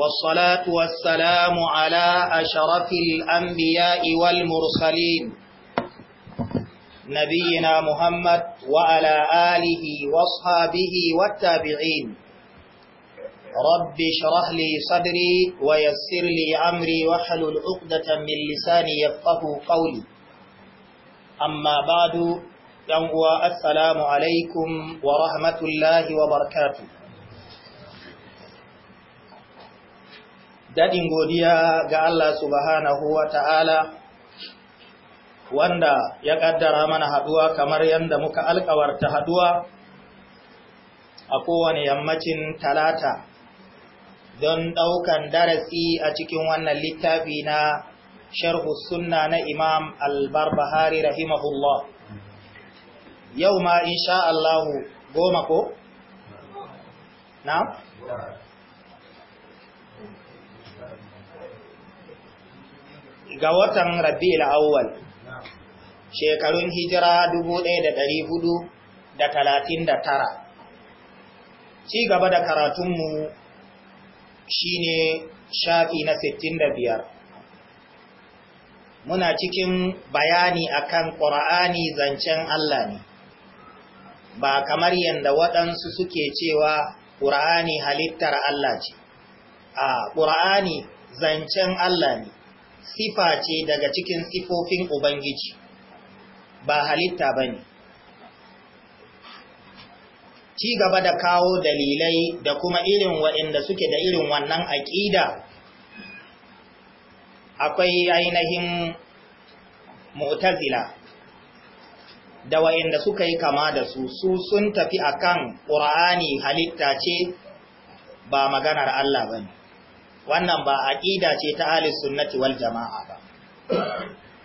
والصلاة والسلام على أشرف الأنبياء والمرسلين نبينا محمد وعلى آله واصحابه والتابعين رب شرح لي صدري ويسر لي أمري وحل العقدة من لساني يفقه قولي أما بعد يوم السلام عليكم ورحمة الله وبركاته daɗin godiya ga Allah subhanahu wa ta'ala wanda ya ƙaddara mana haɗuwa kamar yadda muka alkawarta haɗuwa a kowane yammacin talata don ɗaukan darasi a cikin wannan littafi na sharhu sunna na imam albarbahari rahimahullah yau ma insha Allahu goma ko? na? ga watan rabi'ul awwal shekarun hijira 1439 ci gaba da karatunmu shine shafi na 65 muna cikin bayani akan qur'ani zancen Allah ne ba kamar yanda waɗansu suke cewa qur'ani halittar Allah ce a qur'ani zancen Allah ne sifa ce daga cikin sifofin Ubangiji, ba halitta ba ne. Ci gaba da kawo dalilai da kuma irin waɗanda suke da irin wannan aƙida, akwai ainihin mutazila da waɗanda suka yi kama da su, su sun tafi akan ƙura'ani halitta ce ba maganar Allah ba ne. wannan ba aqida ce ta ahlus sunnati wal jama'a ba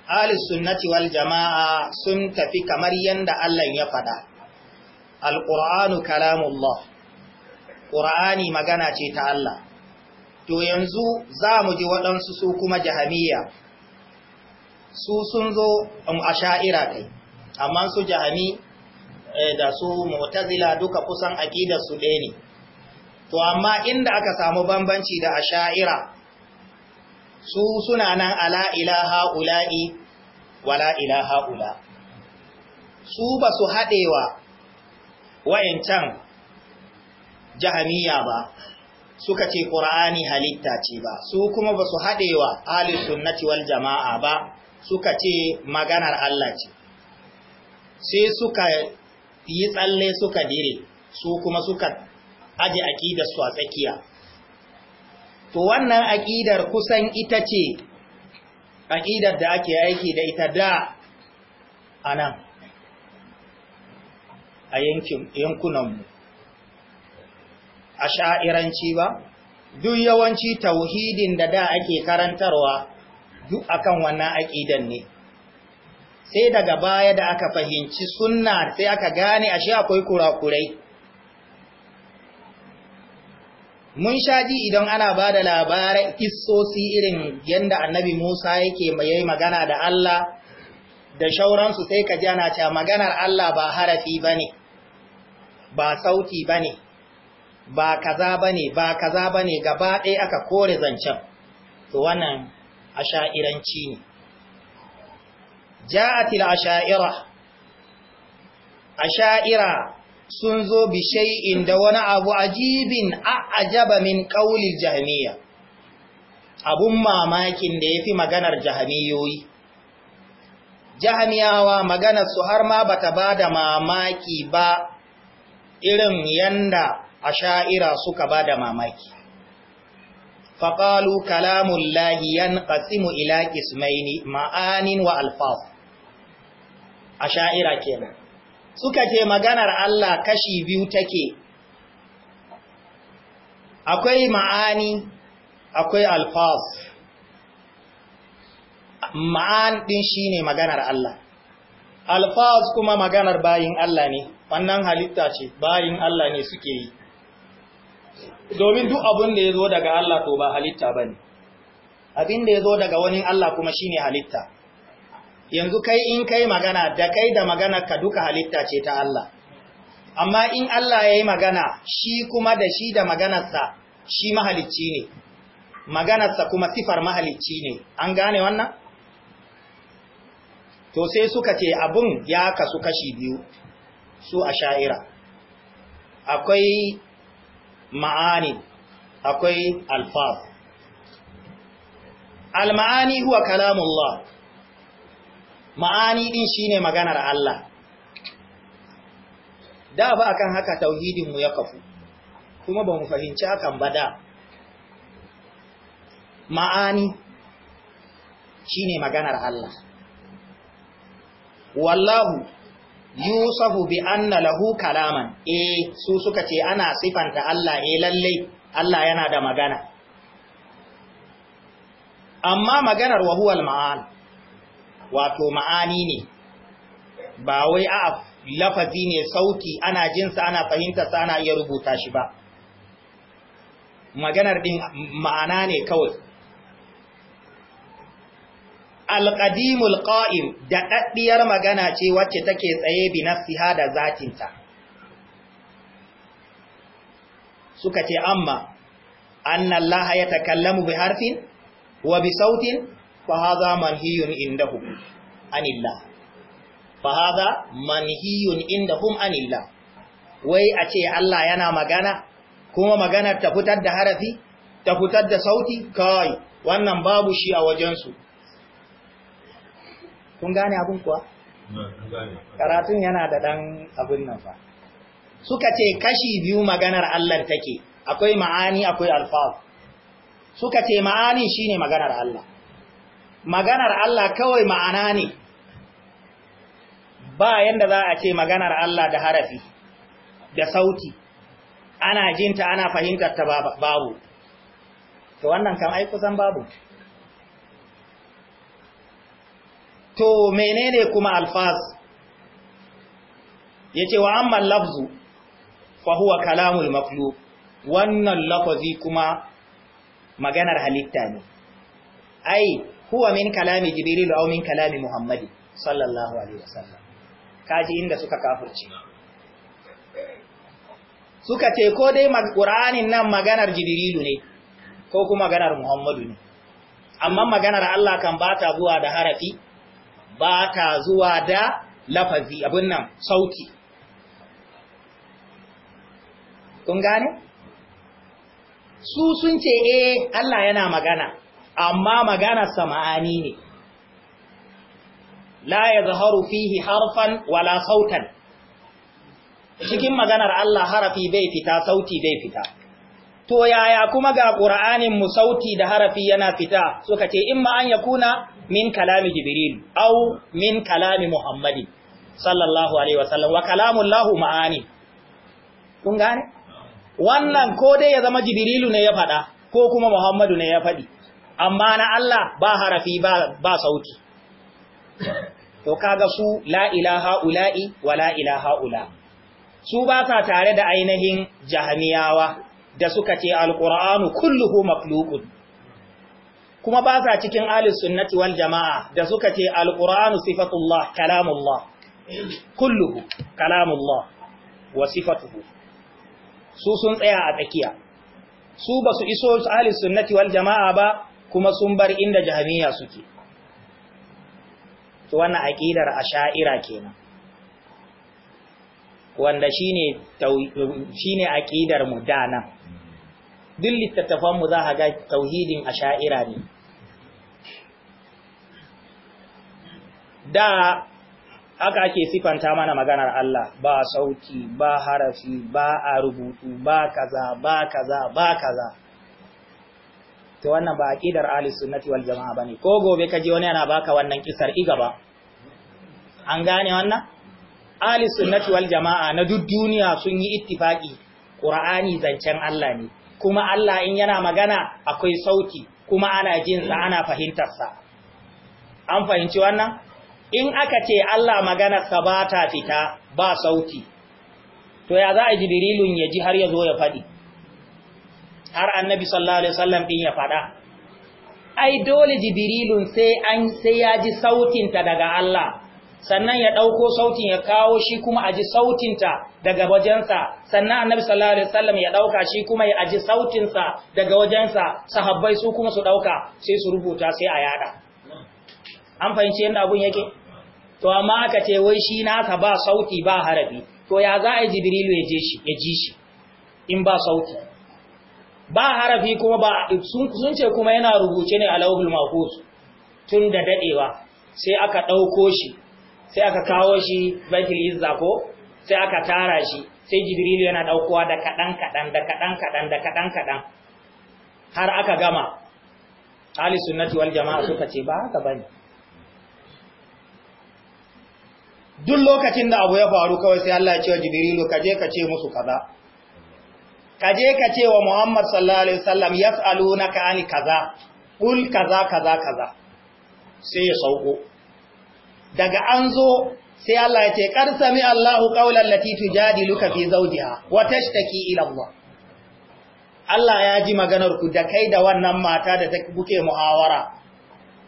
ahlus sunnati wal jama'a sun tafi kamar yanda Allah ya faɗa alqur'anu kalamullah qur'ani magana ce ta Allah to yanzu za mu ji waɗansu su kuma jahamiya su sun zo a um, asha'ira kai amma su jahami eh, da su mu'tazila duka kusan aqidar su ɗaya ne to amma inda aka samu bambanci da asha'ira su suna nan ala ilaha ula'i wala ilaha ula su ba su haɗewa wa'incan jahamiya ba suka ce ƙura'ani halitta ce ba su kuma ba su haɗewa alisunnati wal jama'a ba suka ce maganar Allah ce sai suka yi tsalle suka dire su kuma suka aje aƙidar su a tsakiya to wannan aƙidar kusan ita ce aƙidar da ake aiki da ita da a nan a yankunanmu a ba duk yawanci tauhidin da da ake karantarwa duk akan wannan aƙidan ne sai daga baya da aka fahimci sunna sai aka gane ashe akwai kurakurai mun shaji idan ana ba da labarai kissosi irin yadda annabi Musa yake mai magana da Allah da shauransu sai ka ji ana maganar Allah ba harafi ba ne, ba sauti ba ne, ba kaza ba ne, ba kaza ba ne, gaba ɗaya aka kore zancen to wannan asha'iranci ne ja'atil asha'ira asha'ira sun zo bi inda da wani abu ajibin a'ajaba min ƙaunin jahmiya abun mamakin da yafi maganar jahmiyoyi jahmiyawa maganar su har ma bata da mamaki ba irin yanda asha'ira suka bada mamaki faqalu kalamullahi yanqasimu ila ismaini ma'anin wa alfaz asha'ira kenan suka ce maganar Allah kashi biyu take akwai ma'ani akwai alfaz ma'an din shine maganar Allah alfaz kuma maganar bayin Allah ne wannan halitta ce bayin Allah ne suke yi domin duk abin da ya zo daga Allah to ba halitta ba ne abin da ya zo daga wani Allah kuma shine halitta yanzu kai in kai magana da kai da magana ka duka halitta ce ta Allah amma in Allah ya yi magana shi kuma da shi da maganarsa shi mahalicci ne maganarsa kuma sifar mahalicci ne an gane wannan to sai suka ce abun ya kasu kashi biyu su a sha'ira akwai ma'ani akwai alfaz al-ma'ani huwa kalamullah ma'ani din shine maganar Allah da ba akan haka tauhidin mu ya kafu kuma ba mu fahimci hakan ba da ma'ani shine maganar Allah wallahu yusafu bi anna lahu kalaman eh su suka ce ana sifanta Allah e lalle Allah yana da magana amma maganar wahuwal huwal ma'an wato ma'ani ne ba wai a lafazi ne sauti ana jinsa ana fahimtarsa ana iya rubuta shi ba maganar din ma'ana ne kawai alƙadimul ƙa'im da ɗaɗɗiyar magana ce wacce take tsaye bi nafsiha da zatinta suka ce amma Laha, ya takallamu bi harfin wa bi sautin fahaza manhiyun indahum anillah fahaza manhiyun indahum anillah wai a ce Allah yana magana kuma maganar ta fitar da harafi ta fitar da sauti kai wannan babu shi a wajensu kun gane abun kuwa karatun yana da dan abin nan fa suka ce kashi biyu maganar Allah take akwai ma'ani akwai alfaz suka ce ma'ani shine maganar Allah maganar Allah kawai ma'ana ne ba yanda za a ce maganar Allah da harafi da sauti ana jinta ana fahimtar ta babu to wannan kan ai kusan babu to menene kuma alfaz yace wa amma lafzu fa huwa kalamul makhluq wannan lafazi kuma maganar halitta ne ai huwa min kalami jibril aw min kalami muhammadi sallallahu alaihi wasallam kaji inda suka kafirce suka ce ko dai qur'anin nan maganar jibrilu ne ko kuma maganar muhammadu ne amma maganar Allah kan ba ta zuwa da harafi ba ta zuwa da lafazi abin nan sauti kun gane su sun ce eh Allah yana magana amma magana sama'ani ne la ya zaharu fihi harfan wala sautan cikin maganar Allah harafi bai fita sauti bai fita to yaya kuma ga qur'anin mu sauti da harafi yana fita suka ce imma an yakuna min kalami jibril au min kalami muhammadi sallallahu alaihi wasallam wa kalamullahu ma'ani kun gane wannan ko dai ya zama jibrilu ne ya faɗa ko kuma muhammadu ne ya faɗi amma na Allah ba harafi ba, ba sauti to kaga su la ilaha ula'i wa la ilaha ula su ba sa tare da ainihin jahamiyawa da suka ce alkur'anu kulluhu makhluqun kuma ba sa cikin ahlus sunnati wal jamaa da suka ce alkur'anu sifatullah kalamullah kulluhu kalamullah wa sifatuhu su sun tsaya a tsakiya su ba su iso ahli sunnati wal jama'a ba kuma sun bar inda jahamiya suke to wannan aqidar asha'ira kenan wanda shine shine aqidar mu dana duk littattafan mu za ka ga tauhidin asha'ira ne da haka ake sifanta mana maganar Allah ba sauti ba harafi ba a rubutu ba kaza ba kaza ba kaza to wannan ba aqidar ahli sunnati wal jamaa bane ko gobe kaje wani yana baka wannan kisar iga ba an gane wannan ahli sunnati wal jamaa na duk duniya sun yi ittifaki qur'ani zancen Allah ne kuma Allah in yana magana akwai sauti kuma ana jin sa ana fahimtar sa an fahimci wannan in aka ce Allah maganarsa sa ba ta fita ba sauti to ya za a jibrilun ya ji har ya zo ya faɗi har annabi sallallahu alaihi wasallam din ya fada ai dole jibrilun sai an sai ya ji sautin ta daga Allah sannan ya dauko sautin ya kawo shi kuma aji sautin ta daga wajensa sannan annabi sallallahu alaihi wasallam ya dauka shi kuma ya aji sautin sa daga wajensa sahabbai su kuma su dauka sai su rubuta sai a yada an fahimci yadda abun yake to amma aka ce wai shi naka ba sauti ba harabi, to ya za a yi jibrilu ya je shi ya ji shi in ba sauti ba harafi kuma ba sun ce kuma yana rubuce ne a lauhul mahfuz tun da dadewa sai aka dauko shi sai aka kawo shi baitul izza ko sai aka tara shi sai jibril yana daukowa da kadan kadan da kadan kadan da kadan kadan har aka gama ahli sunnati wal jamaa suka ce ba haka bane duk lokacin da abu ya faru kawai sai Allah ya ce wa ka je ka ce musu kaza ka je ka ce wa Muhammad sallallahu alaihi wasallam yas'alunaka ani kaza kul kaza kaza kaza sai ya sauko daga an zo sai Allah ya ce kar sami Allahu qaulan lati tujadiluka fi zawjiha wa tashtaki ila Allah Allah ya ji maganar ku da kai da wannan mata da ta buke mu'awara,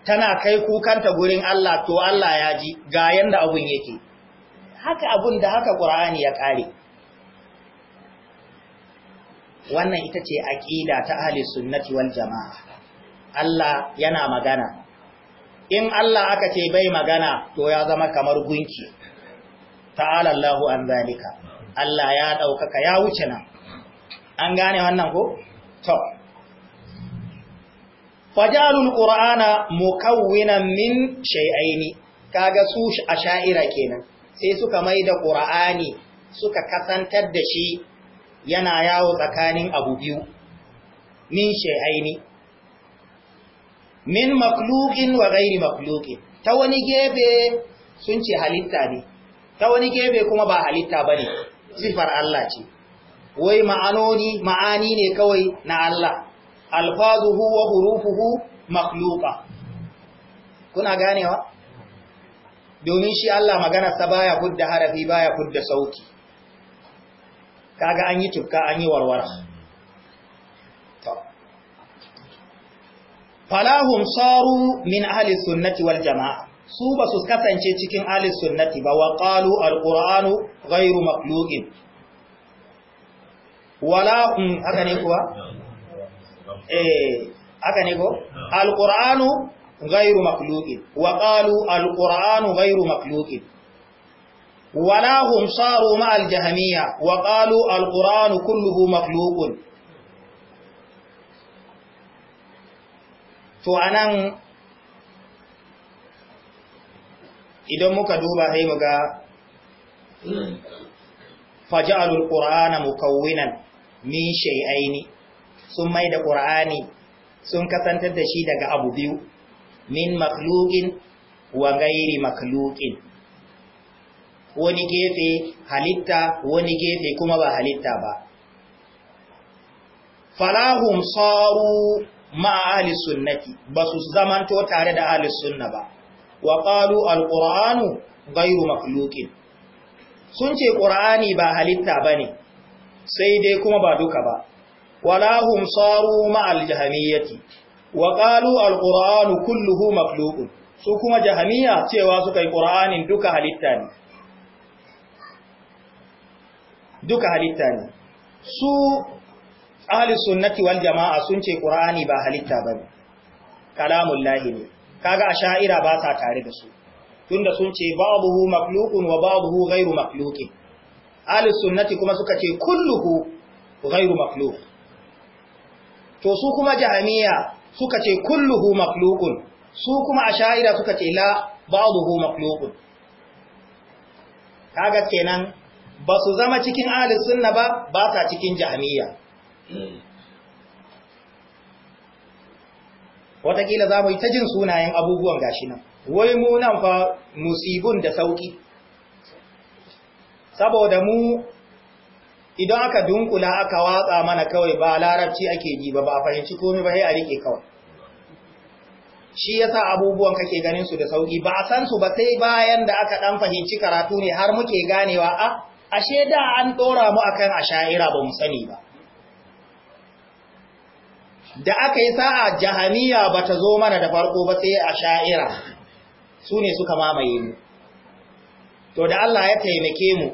tana kai kukanta gurin Allah to Allah ya ji ga yanda abun yake haka abun da haka Qur'ani ya kare wannan ita ce aƙida ta ahli sunnati wal jama'a Allah yana magana in Allah aka ce bai magana to ya zama kamar gunki ta'ala Allahu an zalika Allah ya ɗaukaka ya wuce nan an gane wannan ko to fajalul qur'ana mukawwinan min shay'aini kaga su asha'ira kenan sai suka maida qur'ani suka kasantar da shi yana yawo tsakanin abu biyu min shay'aini min makhluqin wa ghairi ta wani gefe sun ce halitta ne ta wani gefe kuma ba halitta bane sifar Allah ce wai ma'anoni ma'ani ne kawai na Allah alfazuhu wa hurufuhu makhluqa kuna ganewa domin shi Allah maganarsa baya hudda harafi baya hudda sauki. kaga an yi tufka an yi warwara falahum saru min ahli sunnati wal jama'a su ba su kasance cikin ahli sunnati ba wa qalu alquranu ghayru wala um haka ne kuwa eh haka ne ko ghayru wa qalu alquranu ghayru makhluqin wala hum saru ma aljahmiya wa ƙalu alquran kulluhu makhluqun to anan idan muka duba sai muga faj'alul qur'ana mukawwinan min shay'aini sun mai da ƙur'ani sun kasantar da shi daga abu biyu min makhluqin wa gairi makhluqin wani gefe halitta wani gefe kuma ba halitta ba falahum saru ma ahli sunnati basu zamanto tare da ahli sunna ba wa qalu alquranu ghayru makhluqin sun ce qur'ani ba halitta bane sai dai kuma ba duka ba Walahum saru ma aljahmiyati wa qalu alquranu kulluhu makhluqun su kuma jahamiya cewa suka yi ƙura'anin duka halitta ne duka halitta ne su ahlus sunnati wal jama'a sun ce qur'ani ba halitta bane kalamul lahi ne kaga asha'ira ba sa tare da su tunda sun ce babuhu makhluqun wa babuhu ghairu makhluqin ahlus sunnati kuma suka ce kulluhu ghairu makhluq to su kuma jahamiya suka ce kulluhu makhluqun su kuma asha'ira suka ce la ba'dahu makhluqun kaga kenan ba su zama cikin ahalin sunna ba ba sa cikin jami'a hmm. watakila za mu yi ta jin sunayen abubuwan gashi nan wai mu nan fa musibun da sauki saboda mu idan aka dunkula aka watsa mana kawai ba larabci ake ji ba ba fahimci komai ba sai a rike kawai shi yasa abubuwan kake ganin su da sauki ba a san su ba sai bayan da aka dan fahimci karatu ne har muke ganewa a ah, ashe da an ɗora mu akan asha'ira ba mu sani ba da aka yi sa'a jahaniya ba ta zo mana da farko ba sai asha'ira su ne suka mamaye mu to da Allah ya taimake mu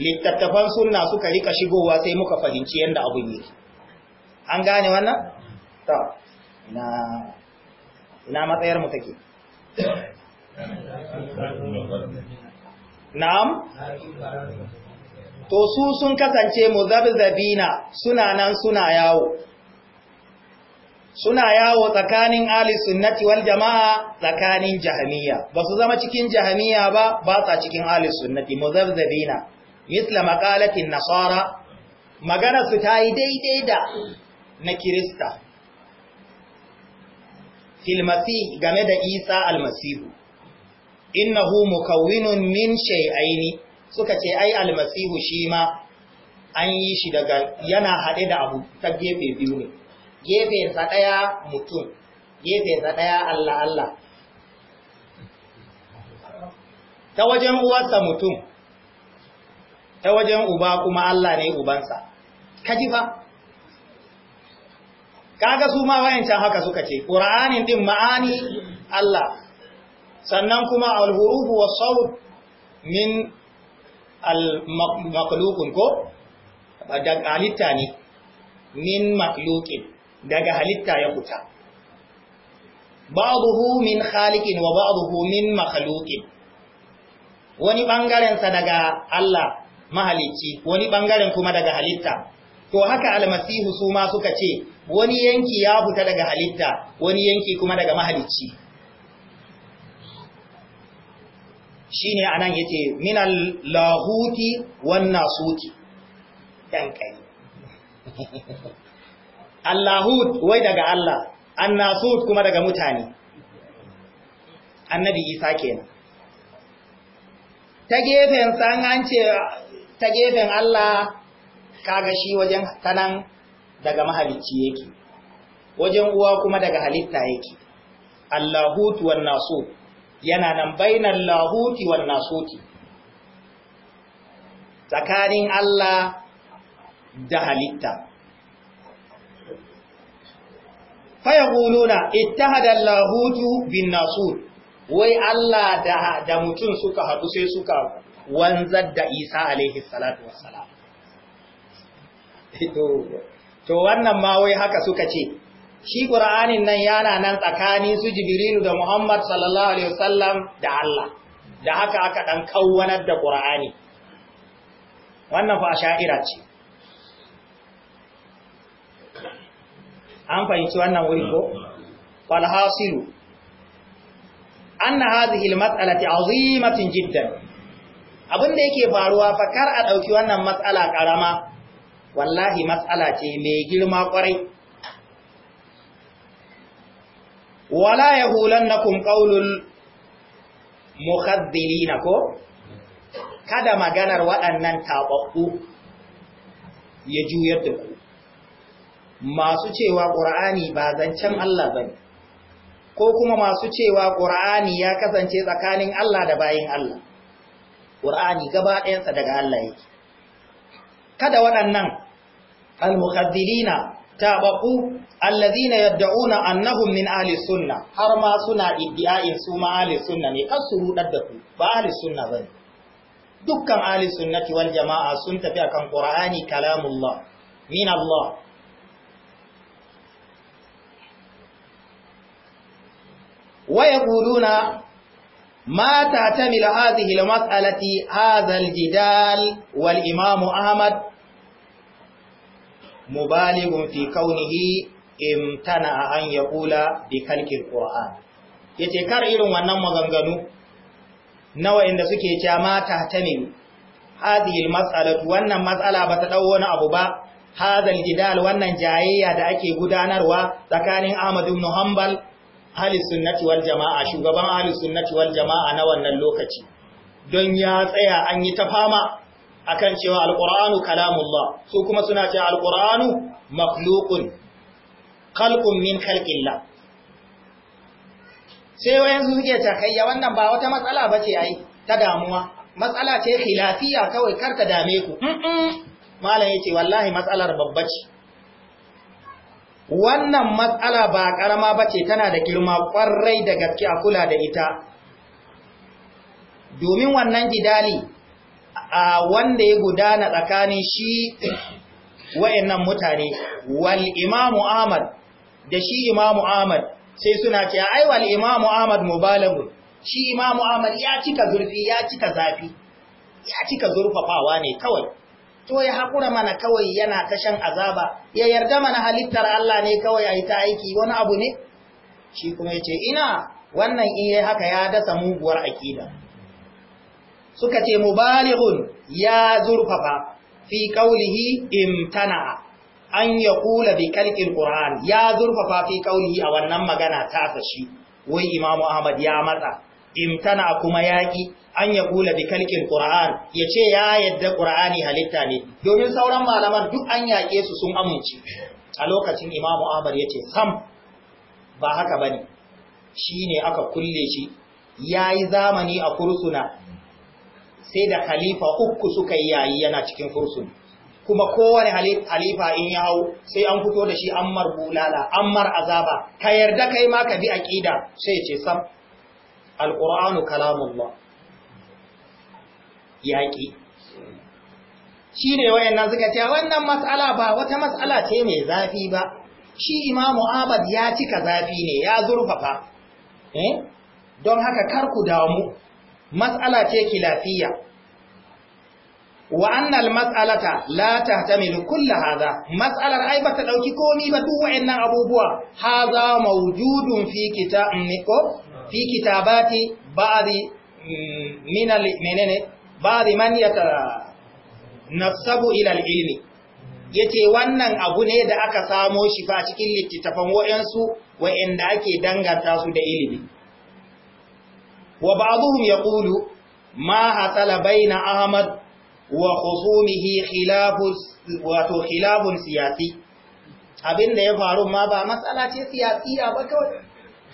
littattafan sunna suka rika shigowa sai muka fahimci yadda abu yake an gane wannan to ina matsayar mu take na'am to su sun kasance muzabzabina suna nan suna yawo suna yawo tsakanin ahli sunnati wal jama'a tsakanin jahamiya, ba su zama cikin jahamiya ba ba sa cikin ahli sunnati Mu muzabzabina misla maqalatin nasara magana su ta yi daidai da na kirista fil game da isa almasihu innahu mukawwinun min shay'aini suka ce ai almasihu shi ma an yi shi daga yana haɗe da abu ta gefe biyu ne gefe sa ɗaya mutum gefe sa ɗaya Allah Allah ta wajen uwarsa mutum ta wajen uba kuma Allah ne ubansa kaji fa kaga su ma wayancan haka suka ce qur'anin din ma'ani Allah sannan kuma al wa was min al-maqluqun ko daga halitta ne min maqluqin daga halitta ya ba'dahu min khaliqin wa ba'dahu min makhluqin wani bangaren sa daga Allah mahalicci wani bangaren kuma daga halitta to haka almasihu su ma suka ce wani yanki ya fita daga halitta wani yanki kuma daga mahalicci Shi ne a nan ya ce minan lahuti wannan suti ɗan ƙari allahut wai daga Allah sut kuma daga mutane annabi isa kenan ta gefen san an ce ta gefen Allah kaga shi wajen tanan daga mahalicci yake wajen uwa kuma daga halitta yake allahut wannan suti yana nan bainar lahuti wal nasuti tsakanin Allah da halitta faya gununa ittahada lahutu bin nasut wai Allah da mutum suka haɗu sai suka wanzar da Isa alaihi salatu wassalam to to wannan ma wai haka suka ce shi ƙura'anin nan yana nan tsakani su jibirinu da muhammad sallallahu alaihi wasallam da allah da haka aka ɗan kawwanar da ƙura'ani wannan fa sha'ira ce an fahimci wannan wuri ko falhasilu anna hadhihi almas'alati azimatun jiddan abinda yake faruwa fa kar a ɗauki wannan matsala ƙarama. wallahi matsala ce mai girma kwarai wala yahulannakum قول المخذلين ko kada maganar waɗannan tababbu ya juyar da ku masu cewa qur'ani ba zancen Allah bane ko kuma masu cewa qur'ani ya kasance tsakanin Allah da bayin Allah qur'ani gaba ɗayansa daga Allah yake kada waɗannan al-mukhadhilina tabaku allazina yad'una annahum min ahli sunna har ma suna iddiayin su ma ahli sunna ne kan su rudar da ku ba ahli sunna bane dukkan ahli sunnati wal jamaa sun tafi akan qur'ani kalamullah min Allah wa yaquluna ma ta'tamil hadhihi al mas'alati hadha al jidal wal imam ahmad مبالغ fi kaunihi امتنع ان يقول bi القران yace kar irin wannan maganganu nawa inda suke cewa mata ta ne hadhihi almas'alatu wannan mas'ala ba ta dawo wani abu ba hadal jidal wannan jayayya da ake gudanarwa tsakanin Ahmadu, ibn Hanbal ahli sunnati wal jamaa shugaban ahli sunnati wal jamaa na wannan lokaci don ya tsaya an yi ta fama akan cewa alqur'anu kalamullah su kuma suna cewa alqur'anu makhluqun khalqun min khalqillah sai wayansu suke takayya wannan ba wata matsala bace ai ta damuwa matsala ce khilafiya kawai kar ta dame ku malam yace wallahi matsalar babba ce wannan matsala ba karama bace tana da girma kwarai da gaske a kula da ita domin wannan gidali A wanda ya gudana tsakanin shi nan mutane wal imamu ahmad da shi imamu ahmad sai suna ce ai wal imamu ahmad mubalagun shi imamu ahmad ya cika zurfi ya cika zafi ya cika zurfafawa ne kawai to ya hakura mana kawai yana ta shan azaba ya yarda mana halittar Allah ne kawai ayi ta aiki wani abu ne shi kuma yace ina wannan in yayi haka ya dasa muguwar aƙida? suka ce mubalighun ya zurfafa fi qaulihi imtana an yaqula bi kalqil qur'an ya zurfafa fi qaulihi a wannan magana ta sashi wai imamu ahmad ya matsa imtana kuma yaki an yaqula bi kalqil qur'an yace ya yadda qur'ani halitta ne domin sauran malaman duk an yake su sun amince a lokacin imamu ahmad yace sam ba haka bane shine aka kulle shi yayi zamani a kursuna sai da Khalifa uku suka yi yayi yana cikin fursun kuma kowane halifa in ya hau sai an fito da shi ammar bulala ammar azaba ka yarda kai ma ka bi aqida sai ce sam alqur'anu kalamullah yaki shine wayannan suka ce wannan mas'ala ba wata mas'ala ce mai zafi ba shi imamu Ahmad ya cika zafi ne ya zurfafa eh don haka kar ku damu Matsala ce lafiya, wa annal mas'alata la tahtamilu kull hadha mas'alar ai bata dauki komai ba duk wayannan abubuwa hadha mawjudun fi kitabin niko mm, fi kitabati ba'di mm, min al menene ba'di man yata nasabu ila al ilmi yace wannan abu ne da aka samo shi fa cikin littafan wayansu wayanda ake danganta su da ilimi wa ba'dhum yaqulu ma hasala bayna ahmad wa khusumihi khilafus wato khilafun siyasi da ya faru ma ba matsala ce siyasiya ba kawai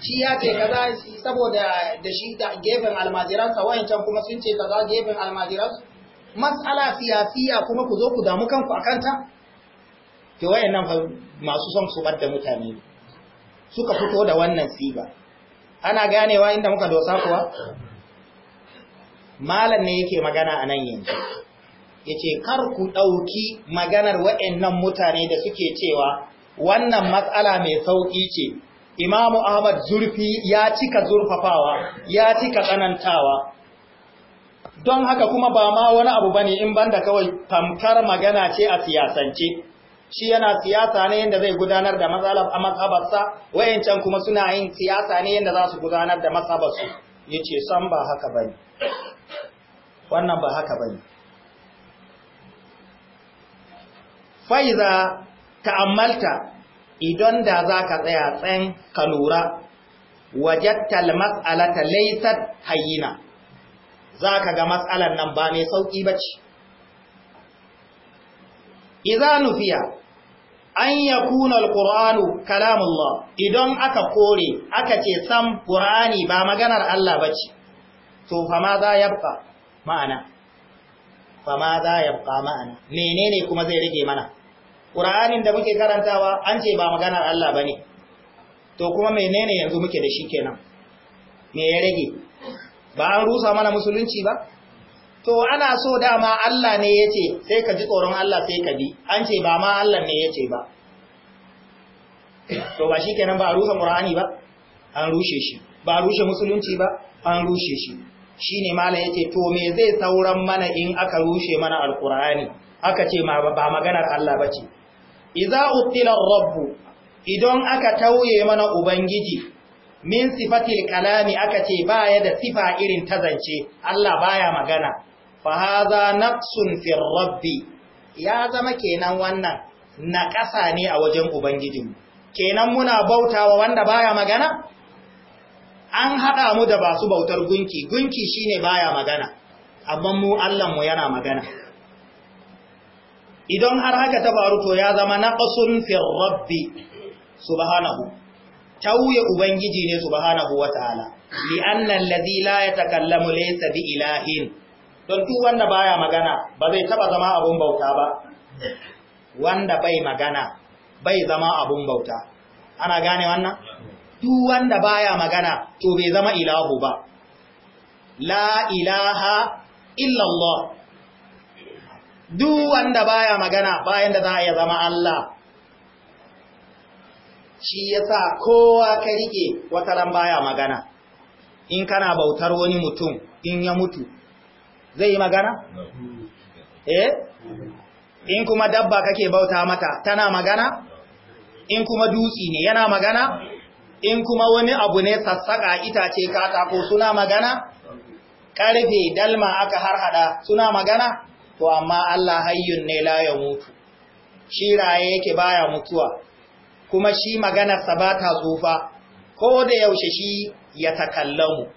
shi ya ce kaza saboda da shi da gefen almajiransa wayancan kuma sun ce kaza gefen almajiran. matsala siyasiya kuma ku zo ku damu kanku akan ta ke wayannan masu son su bar da mutane suka fito da wannan siba ana ganewa inda muka dosa kuwa malam ne yake magana a nan yanzu Ya ce, kar ku ɗauki maganar nan mutane da suke cewa wannan matsala mai sauƙi ce imamu ahmad zurfi ya cika zurfafawa ya cika tsanantawa don haka kuma ba ma wani abu bane in banda kawai tamkar magana ce a siyasance shi yana siyasa ne yadda zai gudanar da matsalar a matsabarsa wayancan kuma suna yin siyasa ne yadda za su gudanar da matsabarsu ya ce san ba haka ba ne wannan ba haka ba ne faiza ta'ammalta idan da za ka tsaya tsayin ka lura wajattal mas'alata laysat hayyina za ka ga matsalar nan ba mai sauƙi ba ce Iza nufiya an yakuna alquranu kalamullah idan aka kore aka ce sam qurani ba maganar Allah ba ce, to fama ma za yabqa ma'ana fa ma za yabqa ma'ana menene kuma zai rage mana qur'anin da muke karantawa an ce ba maganar Allah ba ne? to kuma menene yanzu muke da shi kenan me ya rage ba an rusa mana musulunci ba to ana so dama Allah ne ya ce sai ka ji tsoron Allah sai ka bi an ce ba ma Allah ne ya ce ba to ba shi kenan ba a rusa mura'ani ba an rushe shi ba a rushe musulunci ba an rushe shi shi ne mala ya ce to me zai sauran mana in aka rushe mana alkur'ani aka ce ba maganar Allah ba ce iza uttilar rabbu idan aka tauye mana ubangiji min sifatil kalami aka ce baya da sifa irin ta zance Allah baya magana fahaza naqsun fir rabbi ya zama kenan wannan naƙasa ne a wajen ubangijinmu kenan muna bautawa wanda baya magana an haɗa mu da basu bautar gunki gunki shine baya magana amma mu Allah mu yana magana idan har haka ta faru to ya zama naqsun fir rabbi subhanahu tauye ubangiji ne subhanahu wataala li anna alladhi la yatakallamu laysa bi ilahin don duk wanda baya magana ba zai taba zama abun bauta ba wanda bai magana bai zama abun bauta ana gane wannan duk wanda baya magana to bai zama ilahu ba la ilaha illallah duk wanda baya magana bayan da za a zama Allah shi yasa kowa ka rike wataran baya magana in kana bautar wani mutum in ya mutu zai yi magana? eh in kuma dabba kake bauta mata tana magana? in kuma dutsi ne yana magana? in kuma wani abu ne sassaƙa itace katako suna magana? ƙarfe dalma aka harhaɗa suna magana? to amma Allah hayyun ne la ya mutu shi raye yake baya mutuwa kuma shi maganarsa ba ta tsufa ko da yaushe shi ya takallamu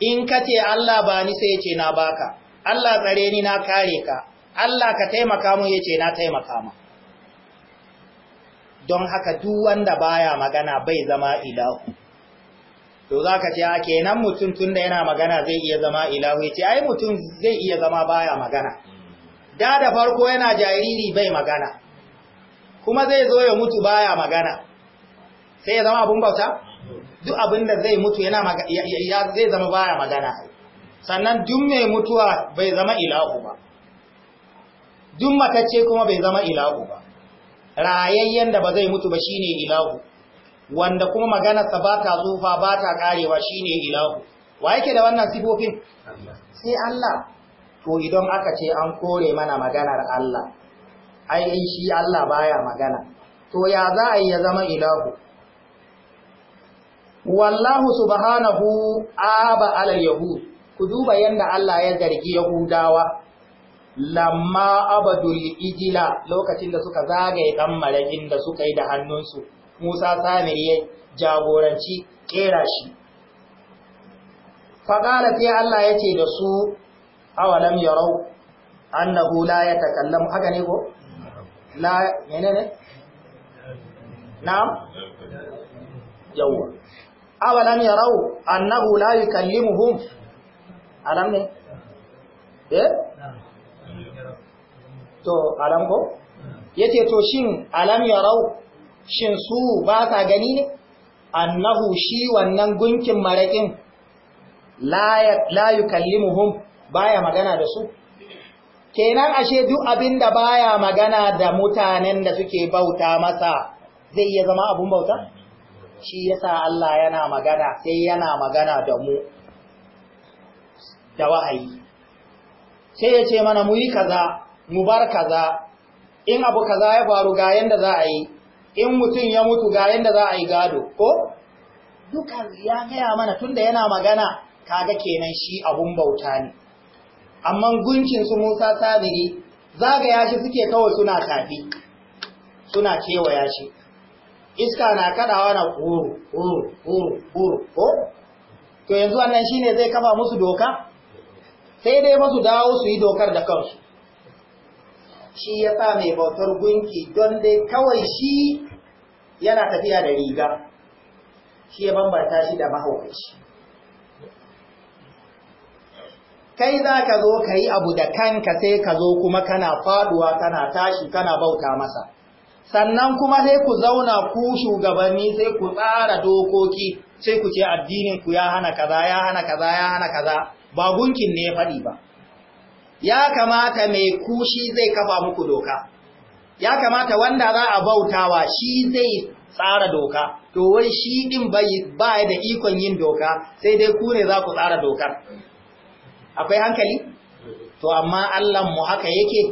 in ka ce Allah ba ni sai ya ce na baka Allah tsare ni na kare ka Allah ka taimaka mu ya ce na taimaka ma don haka duk wanda baya magana bai zama ilahu to za ka ce a kenan mutum tun da yana magana zai iya zama ilahu ya ce ai mutum zai iya zama baya magana da da farko yana jariri bai magana kuma zai zo ya mutu baya magana sai ya zama abun bauta? duk abinda zai mutu yana zai zama baya magana sannan duk mai mutuwa bai zama ilahu ba duk matacce kuma bai zama ilahu ba rayayyen da ba zai mutu ba shine ilahu wanda kuma maganarsa ba ta tsufa ba ta karewa shine ilahu wa yake da wannan sifofin sai Allah to idan aka ce an kore mana maganar Allah ai shi Allah baya magana to ya za a yi ya zama ilahu wallahu subhanahu aba alal yahud ku duba yanda Allah ya zargi yahudawa lamma abadul ijila lokacin da suka zagaye dan marakin da suka yi da hannunsu Musa Samir ya jagoranci kera shi qala sai Allah yace da su awalam yarau annahu la yatakallamu haka ne ko la menene na'am yawwa ya rau, annahu la yukallimuhum alam ne eh to alam ko yace to shin alam ya rau? shin su ba sa gani ne annahu shi wannan gunkin marakin la yukallimuhum baya magana da su kenan ashe duk abinda baya magana da mutanen da suke bauta masa zai iya zama abun bauta shi yasa Allah yana magana sai yana magana da mu da wahayi sai ya ce mana muyi kaza mu bar kaza in abu kaza ya faru ga yanda za a yi in mutum ya mutu ga yanda za a yi gado ko duka ya gaya mana tunda yana magana kaga kenan shi abun bauta ne amma gunkin su Musa Sabiri zaga shi suke kawai suna tafi suna kewaya shi iska na kadawa na uru, uru, uru, uru, ko to yanzu wannan shine zai kafa musu doka sai dai masu dawo su yi dokar da kansu shi ya sa mai bautar gunki don dai kawai shi yana tafiya da riga shi ya bambanta shi da mahaukaci kai za ka zo ka yi abu da kanka sai ka zo kuma kana faduwa kana tashi kana bauta masa sannan kuma sai ku zauna ku shugabanni sai ku tsara dokoki sai ku ce addinin ku ya hana kaza ya hana kaza ya hana kaza ba gunkin ne faɗi ba ya kamata mai kushi zai kafa muku doka ya kamata wanda za a bautawa shi zai tsara doka to wai shi din bai ba da ikon yin doka sai dai ku ne za ku tsara dokar akwai hankali to amma Allah mu haka yake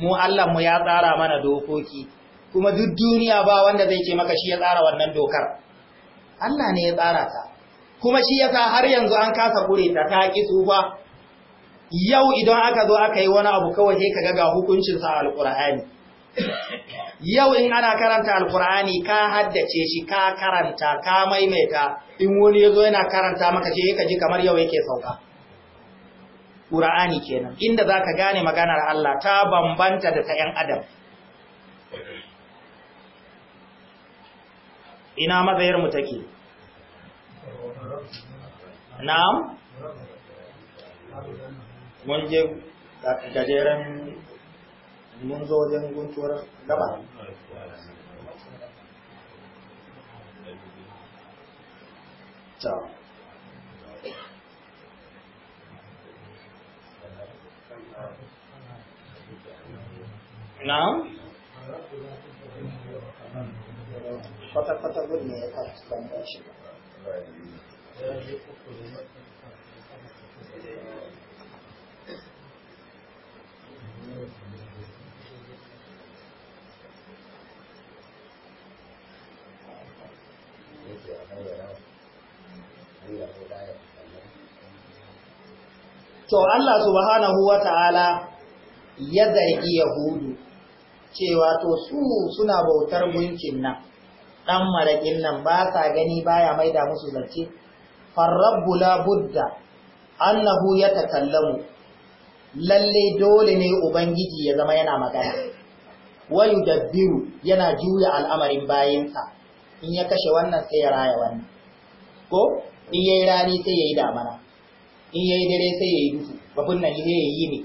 mu Allah mu ya tsara mana dokoki kuma duk duniya ba wanda zai ce maka shi ya tsara wannan dokar Allah ne ya tsara ta kuma shi yasa har yanzu an kasa kure ta ta ki tsufa yau idan aka zo aka yi wani abu kawai sai kaga ga hukuncin sa alqur'ani yau in ana karanta alqur'ani ka haddace shi ka karanta ka maimaita in wani yazo yana karanta maka ce ka ji kamar yau yake sauka Qur'ani kenan inda zaka gane maganar Allah ta bambanta da ta 'yan adam ina matsayar mu take na'am mun je gajeren mun zo wajen guntuwar gaba Now? kwata-kwata ne da shi To Allah subhanahu wa ta'ala ya zargi Yahudu cewa to su suna bautar gunkin nan. ɗan maraƙin nan ba sa gani baya maida musu zance farrabbu la budda annahu ya takallamu lalle dole ne ubangiji ya zama yana magana wayu Biru yana juya al'amarin bayinsa in ya kashe wannan sai ya raya wannan ko in yayi rani sai yayi damana in yayi dare sai yayi duhu babun nan sai yayi ne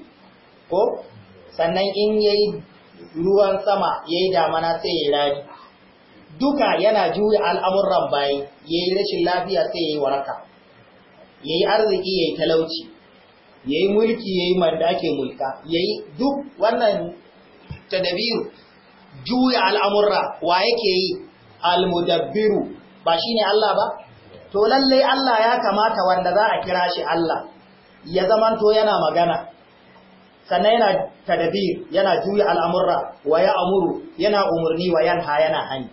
ko sannan in yayi ruwan sama yayi damana sai yayi rani duka yana juya al'amuran bayi ya yi rashin lafiya sai ya yi waraka ya yi arziki ya yi talauci ya yi mulki ya yi manda mulka ya yi duk wannan tadabiru juya al'amurra wa yake yi almudabbiru ba shi ne Allah ba to lallai Allah ya kamata wanda za a kira shi Allah ya zamanto yana magana sannan yana tadabir yana juya al'amurra wa ya amuru yana umarni wa yanha yana hani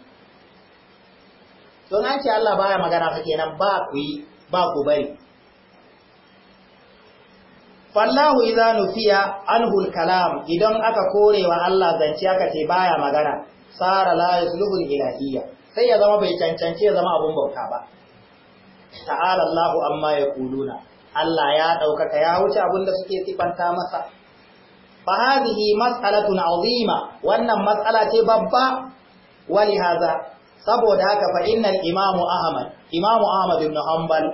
don an ce Allah baya magana ka kenan ba ku yi ba ku bari fallahu idza nufiya anhu kalam idan aka korewa Allah zance aka ce baya magana sara la yusluhu ilahiyya sai ya zama bai cancance ya zama abun bauta ba ta'ala Allahu amma yaquluna Allah ya daukaka ya wuce abun da suke sifanta masa fa hadhihi mas'alatun azima wannan mas'ala ce babba wali hadha saboda haka fa innal imamu ahmad imamu ahmad ibn hanbal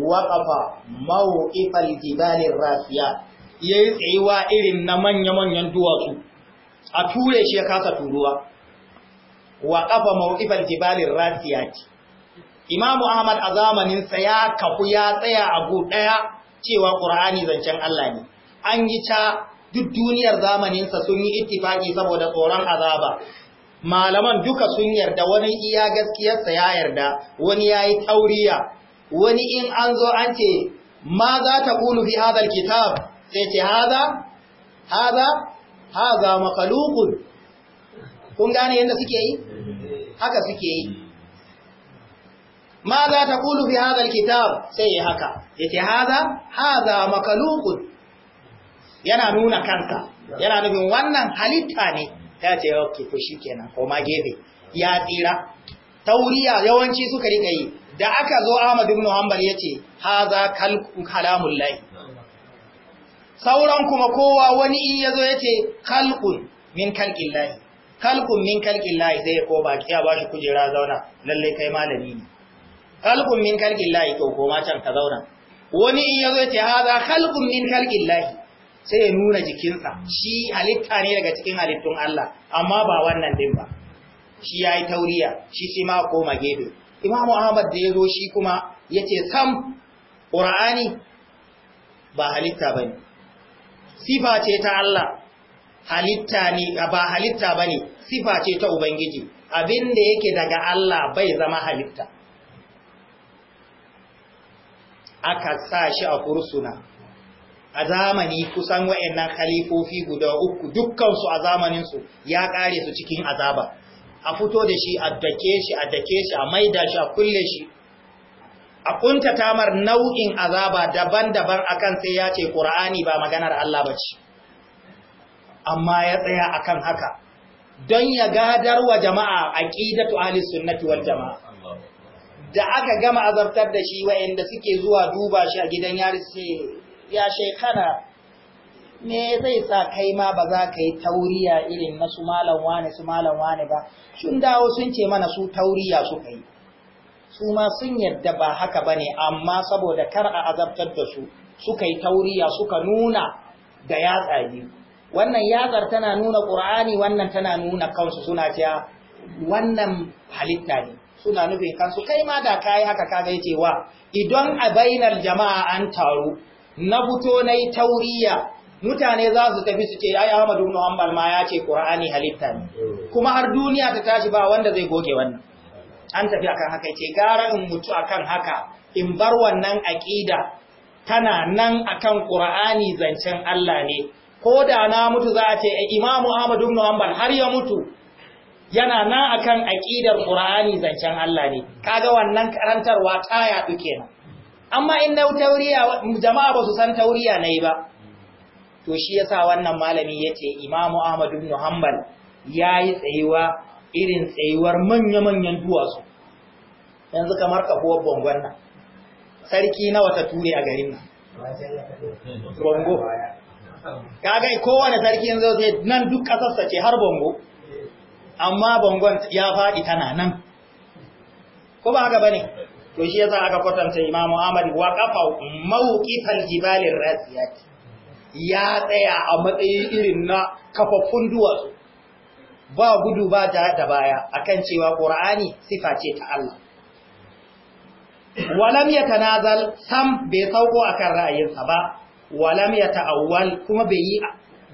waqafa mawqifal jibal rasiya yayi tsayuwa irin na manya manyan duwatsu a ture shi ya kasa turuwa waqafa mawqifal jibal rasiya imamu ahmad a zamanin sa ya kafu ya tsaya a gu daya cewa qur'ani zancen Allah ne an yi ta duk duniyar zamanin sa sun yi ittifaki saboda tsoron azaba malaman duka sun yarda wani iya gaskiyarsa ya yarda wani ya yi tauriya wani in an zo an ce ma za ta kulu fi hadal kitab sai ce haza haza haza makalukun kun gane yadda suke yi haka suke yi ma za ta kulu fi hadal kitab sai yi haka ya ce haza haza makalukun yana nuna kanka yana nufin wannan halitta ne ta ce ok ko shi kenan ko ma gefe ya tsira tauriya yawanci suka rika yi da aka zo Ahmadu ibn hanbal ya ce haza kalamun lahi sauran kuma kowa wani in yazo zo ya ce min kalkin lahi kalkun min kalkin lahi sai ya ko ba ya bashi kujera zauna lallai kai malami ne kalkun min kalkin lahi ko koma can ka zauna wani in yazo zo ya ce haza min kalkin lahi sai ya nuna jikinsa shi halitta ne daga cikin halittun Allah amma ba wannan din ba shi ya yi tauriya shi sai ma koma gefe Imam Ahmad da ya zo shi kuma yace sam Qur'ani ba halitta ba ne. sifa ce ta Allah halitta ne ba halitta ba ne sifa ce ta Ubangiji abin da yake daga Allah bai zama halitta aka sa shi a kursuna a zamani kusan wa'annan khalifofi guda uku dukkansu a zamaninsu ya ƙare su cikin azaba a fito da shi a dake shi a dake shi a maida shi a kulle shi a kunta tamar nau'in azaba daban-daban akan sai ya ce ƙura'ani ba maganar Allah ba ce amma ya tsaya a kan haka don ya gadar wa jama'a a ƙidatu ahalis sunnati wal jama'a da aka gama azabtar da shi wa'inda suke zuwa duba shi a gidan yari sai ya shekara me zai sa kai ma ba za ka yi tauriya irin na su malam wane su malam wane ba sun dawo sun ce mana su tauriya suka yi su ma sun yadda ba haka ba ne amma saboda kar a azabtar da su suka yi tauriya suka nuna da yatsa biyu wannan yatsar tana nuna ƙur'ani wannan tana nuna kansu suna cewa wannan halitta ne suna nufin kansu kai ma da kayi haka kaga yace wa idan a bainar jama'a an taru na buto na yi tauriya mutane za su tafi su ce ai Ahmadu ibn Hanbal ma ya ce Qur'ani halitta ne mm. kuma har duniya ta tashi ba wanda zai goge wannan an tafi akan haka ce gara in mutu akan haka in bar wannan aqida tana nan akan Qur'ani zancen Allah ne ko da na mutu za a ce eh, Imam Ahmadu ibn Hanbal har ya mutu yana na akan aqidar Qur'ani zancen Allah ne kaga wannan karantarwa ta yaɗu kenan amma in na tauriya jama'a ba su san tauriya na yi ba to shi ya sa wannan malami ya ce imamu ahmad ibn hanbal ya yi tsayuwa irin tsayuwar manya-manyan duwatsu yanzu kamar kafuwar bangon nan sarki nawa ta ture a garin nan bango kaga kowane sarki yanzu sai nan duk kasarsa ce har bango amma bangon ya faɗi tana nan ko ba haka ba ne? to shi yasa aka kwatanta Imam Ahmad wa kafa mawqifal jibalir raziyat ya tsaya a matsayin irin na kafaffun duwatsu ba gudu ba ta da baya akan cewa Qur'ani sifa ce ta Allah walam yatanazal sam bai sauko akan ra'ayinsa ba walam yata'awwal kuma bai yi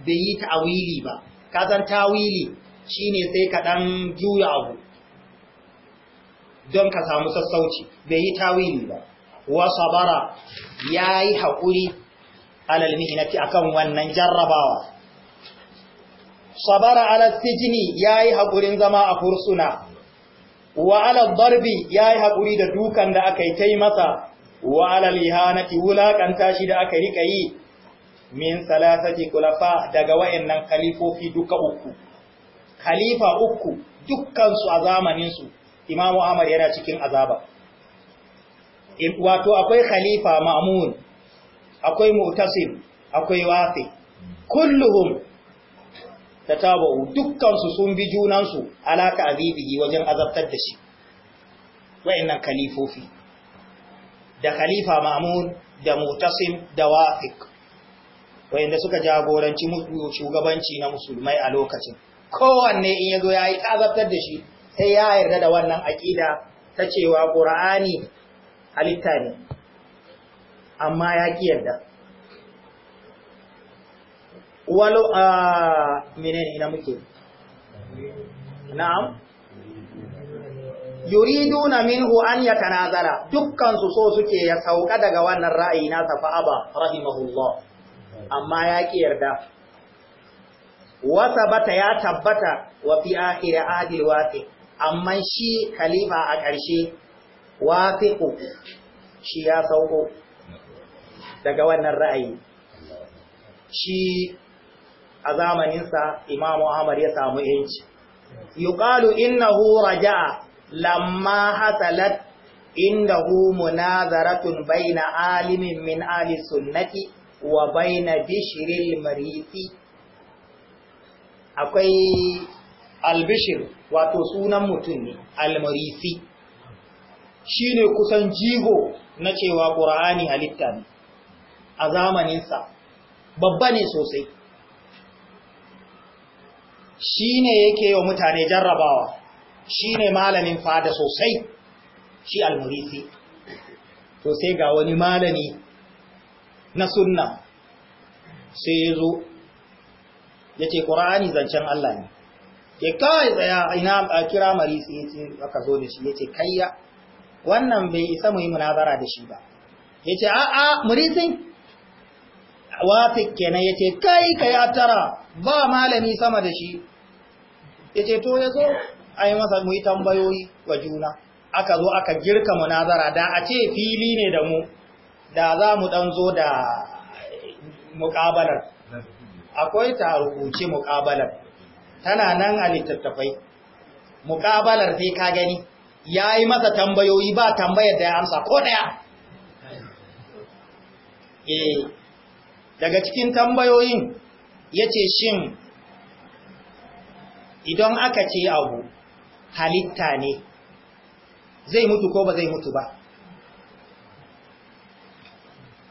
bai yi ta'awili ba kazan tawili shine sai ka dan juya abu don ka samu sassauci bai yi tawili ba wa sabara yi haƙuri alalmihinati a kan wannan jarrabawa sabara ala ya yi haƙurin zama a kursuna wa Barbi ya yi haƙuri da dukan da aka yi tai masa wa ala wulaƙanta wulakanta shi da aka rika yi min salasati kulafa daga waɗannan kalifofi duka uku khalifa uku dukkansu a zamaninsu. imamu Ahmad yana cikin azaba wato akwai khalifa ma'mun akwai mu'tasim akwai wafi kulluhum ta taba'u dukkansu sun bi junansu alaka a bibigi wajen azabtar da shi nan khalifofi da khalifa ma'mun da mu'tasim da wafiq da suka jagoranci shugabanci na musulmai a lokacin kowanne in yazo ya yi azabtar da shi sai ya yarda da wannan aƙida ta cewa ƙura'ani halitta ne amma ya ƙi yarda walo a menene ina muke na'am na minhu an ya dukkan su so suke ya sauka daga wannan ra'ayi na aba rahimahullah amma ya yarda wa bata ya tabbata wa fi akhir adil wasi. amma shi khalifa a ƙarshe wafiqu shi ya sauko daga wannan ra'ayi shi a zamaninsa imamu ahmad ya samu yanci yuqalu innahu raja'a lamma hasalat indahu munazaratun baina alimin min ali sunnati wa baina bishril marifi akwai albishir wato sunan mutum ne almarisi shi ne kusan jigo na cewa ƙura'ani halitta ne a zamaninsa babba ne sosai shi ne yake wa mutane jarrabawa shi ne malamin fada sosai shi almarisi Sosai ga wani malami na sunna sai ya zo ya ce ƙura'ani zancen Allah ne ke kawai tsaya ina a kira marisi ya ce aka zo da shi ya kayya wannan bai isa mu yi munazara da shi ba ya ce a'a Murisin. wafik kenan yace ce kai ka yi tara ba malami sama da shi yace ce to ya zo a yi masa muyi tambayoyi wa juna aka zo aka girka munazara da a ce fili ne da mu da za mu dan zo da muƙabalar akwai ta ce muƙabalar tana nan a littattafai muƙabalar sai ka gani ya yi masa tambayoyi ba tambayar da ya amsa ko ɗaya eh, daga cikin tambayoyin ya ce shin idan aka ce abu halitta ne zai mutu ko ba zai mutu ba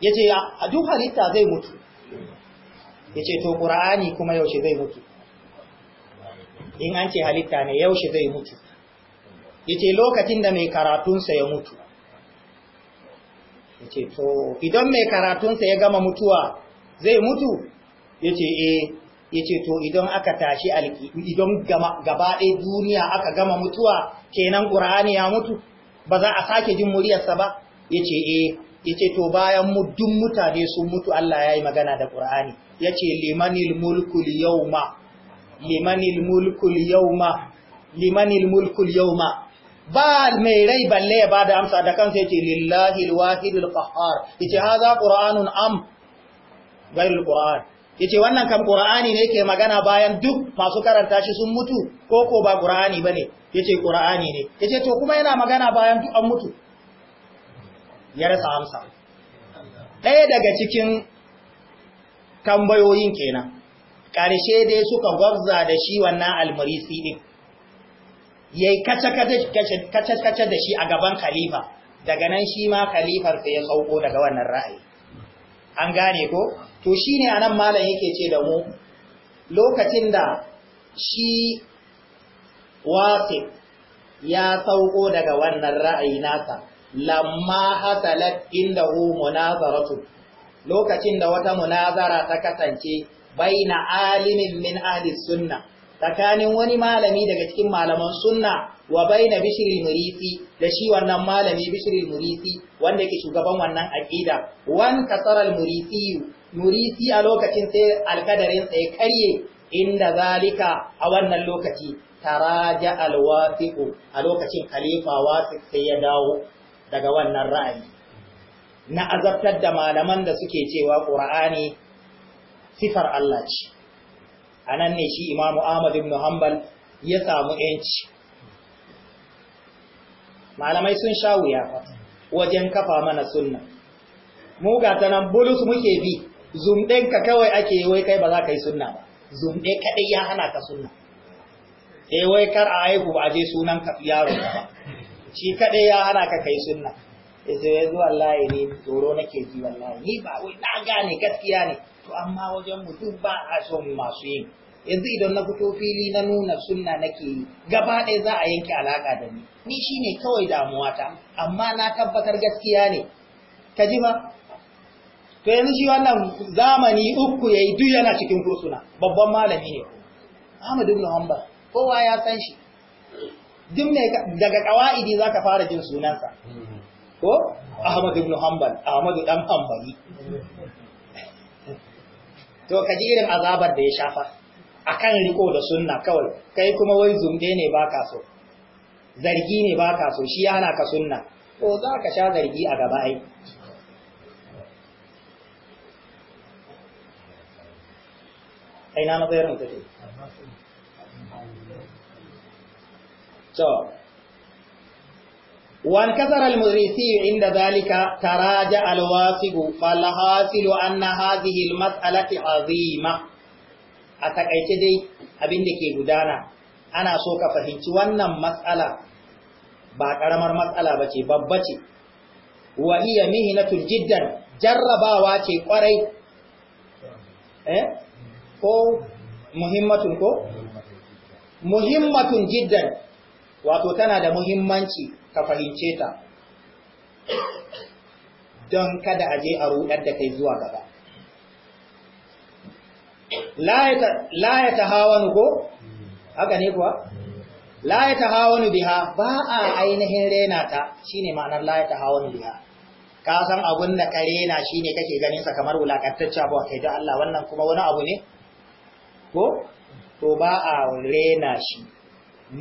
ya ce a duk halitta zai mutu ya ce to ƙura'ani kuma yaushe zai mutu in an ce halitta ne yaushe zai mutu yace lokacin da mai karatunsa ya mutu yace to idan mai karatunsa ya gama mutuwa zai mutu yace eh yace to idan aka tashi alki idan gaba ɗaya duniya aka gama mutuwa kenan qur'ani ya mutu ba za a sake jin muryarsa ba yace eh yace to bayan mu duk mutane sun mutu Allah yayi magana da qur'ani yace limanil mulku yawma limanil mulkul yawma limanil ba mai rai balle ya bada amsa da kansa yace lillahi alwahidul qahhar yace hadha qur'anun am ghairul qur'an yace wannan kan qur'ani ne yake magana bayan duk masu karanta shi sun mutu ko ko ba qur'ani bane yace qur'ani ne yace to kuma yana magana bayan duk an mutu ya rasa amsa ɗaya daga cikin tambayoyin kenan ƙarshe dai suka gwabza da shi wannan almarisi ɗin ya yi kace da shi a gaban khalifa daga nan shi ma khalifarsa ya sauko daga wannan ra'ayi an gane ko to shi ne a nan malam yake ce da mu lokacin da shi wasif ya sauko daga wannan ra'ayi nasa lamma hasalat hu munazaratu lokacin da wata munazara ta kasance baina alimin min ahli sunna tsakanin wani malami daga cikin malaman sunna wa baina bishri murisi da shi wannan malami bishri murisi wanda yake shugaban wannan aqida wan al murisi murisi a lokacin sai alkadarin sai karye inda zalika a wannan lokaci taraja wasiqu a lokacin khalifa wasiq sai ya dawo daga wannan ra'ayi na azabtar da malaman da suke cewa qur'ani sifar Allah ce a nan ne shi imamu ahmad ibn hanbal ya samu yanci malamai sun sha wuya wajen kafa mana sunna mu ga ta nan bulus muke bi zumɗenka kawai ake wai kai ba za ka yi sunna ba zumɗe kaɗai ya hana ka sunna eh wai kar a aiku ba a je sunan ka yaro ba shi kaɗai ya hana ka kai sunna yace yanzu wallahi ne tsoro nake ji wallahi ni ba wai na gane gaskiya ne to amma wajen mutum ba a son masu yin yanzu idan na fito fili na nuna sunna nake yi gaba ɗaya za a yanke alaƙa da ni ni shine kawai damuwa ta. amma na tabbatar gaskiya ne ka ji ba to yanzu shi wannan zamani uku yayi duk yana cikin kursuna babban malami ne Ahmad ibn Hanbal kowa ya san shi duk mai daga kawaidi zaka fara jin sunansa hmm. ko Ahmad ibn Hanbal Ahmad dan Hanbali to ka ji irin azabar da ya shafa a kan riko da sunna kawai kai kuma wai zumbe ne ba ka so zargi ne ba ka so shi yana ka sunna to za ka sha zargi a gaba ai ai na matsayar mutum to وانكسر المدرسي عند ذلك تراجع الواثق فالحاصل ان هذه المساله A atakaice dai abin da ke gudana ana so ka fahimci wannan matsala ba karamar matsala ba ce babba ce wa iya mihinatul jiddan jarrabawa ce kwarai eh ko muhimmatun ko muhimmatun jiddan wato tana da muhimmanci ka fahimce ta don kada a je a ruɗar da kai zuwa gaba la ya ta hawanu ko haka ne kuwa la ya ta hawanu biha ba a ainihin rena ta shine ma'anar la ya ta hawanu biha ka san abun da ka rena shi ne kake ganin kamar wulakantacce ba kai da Allah wannan kuma wani abu ne ko to ba a rena shi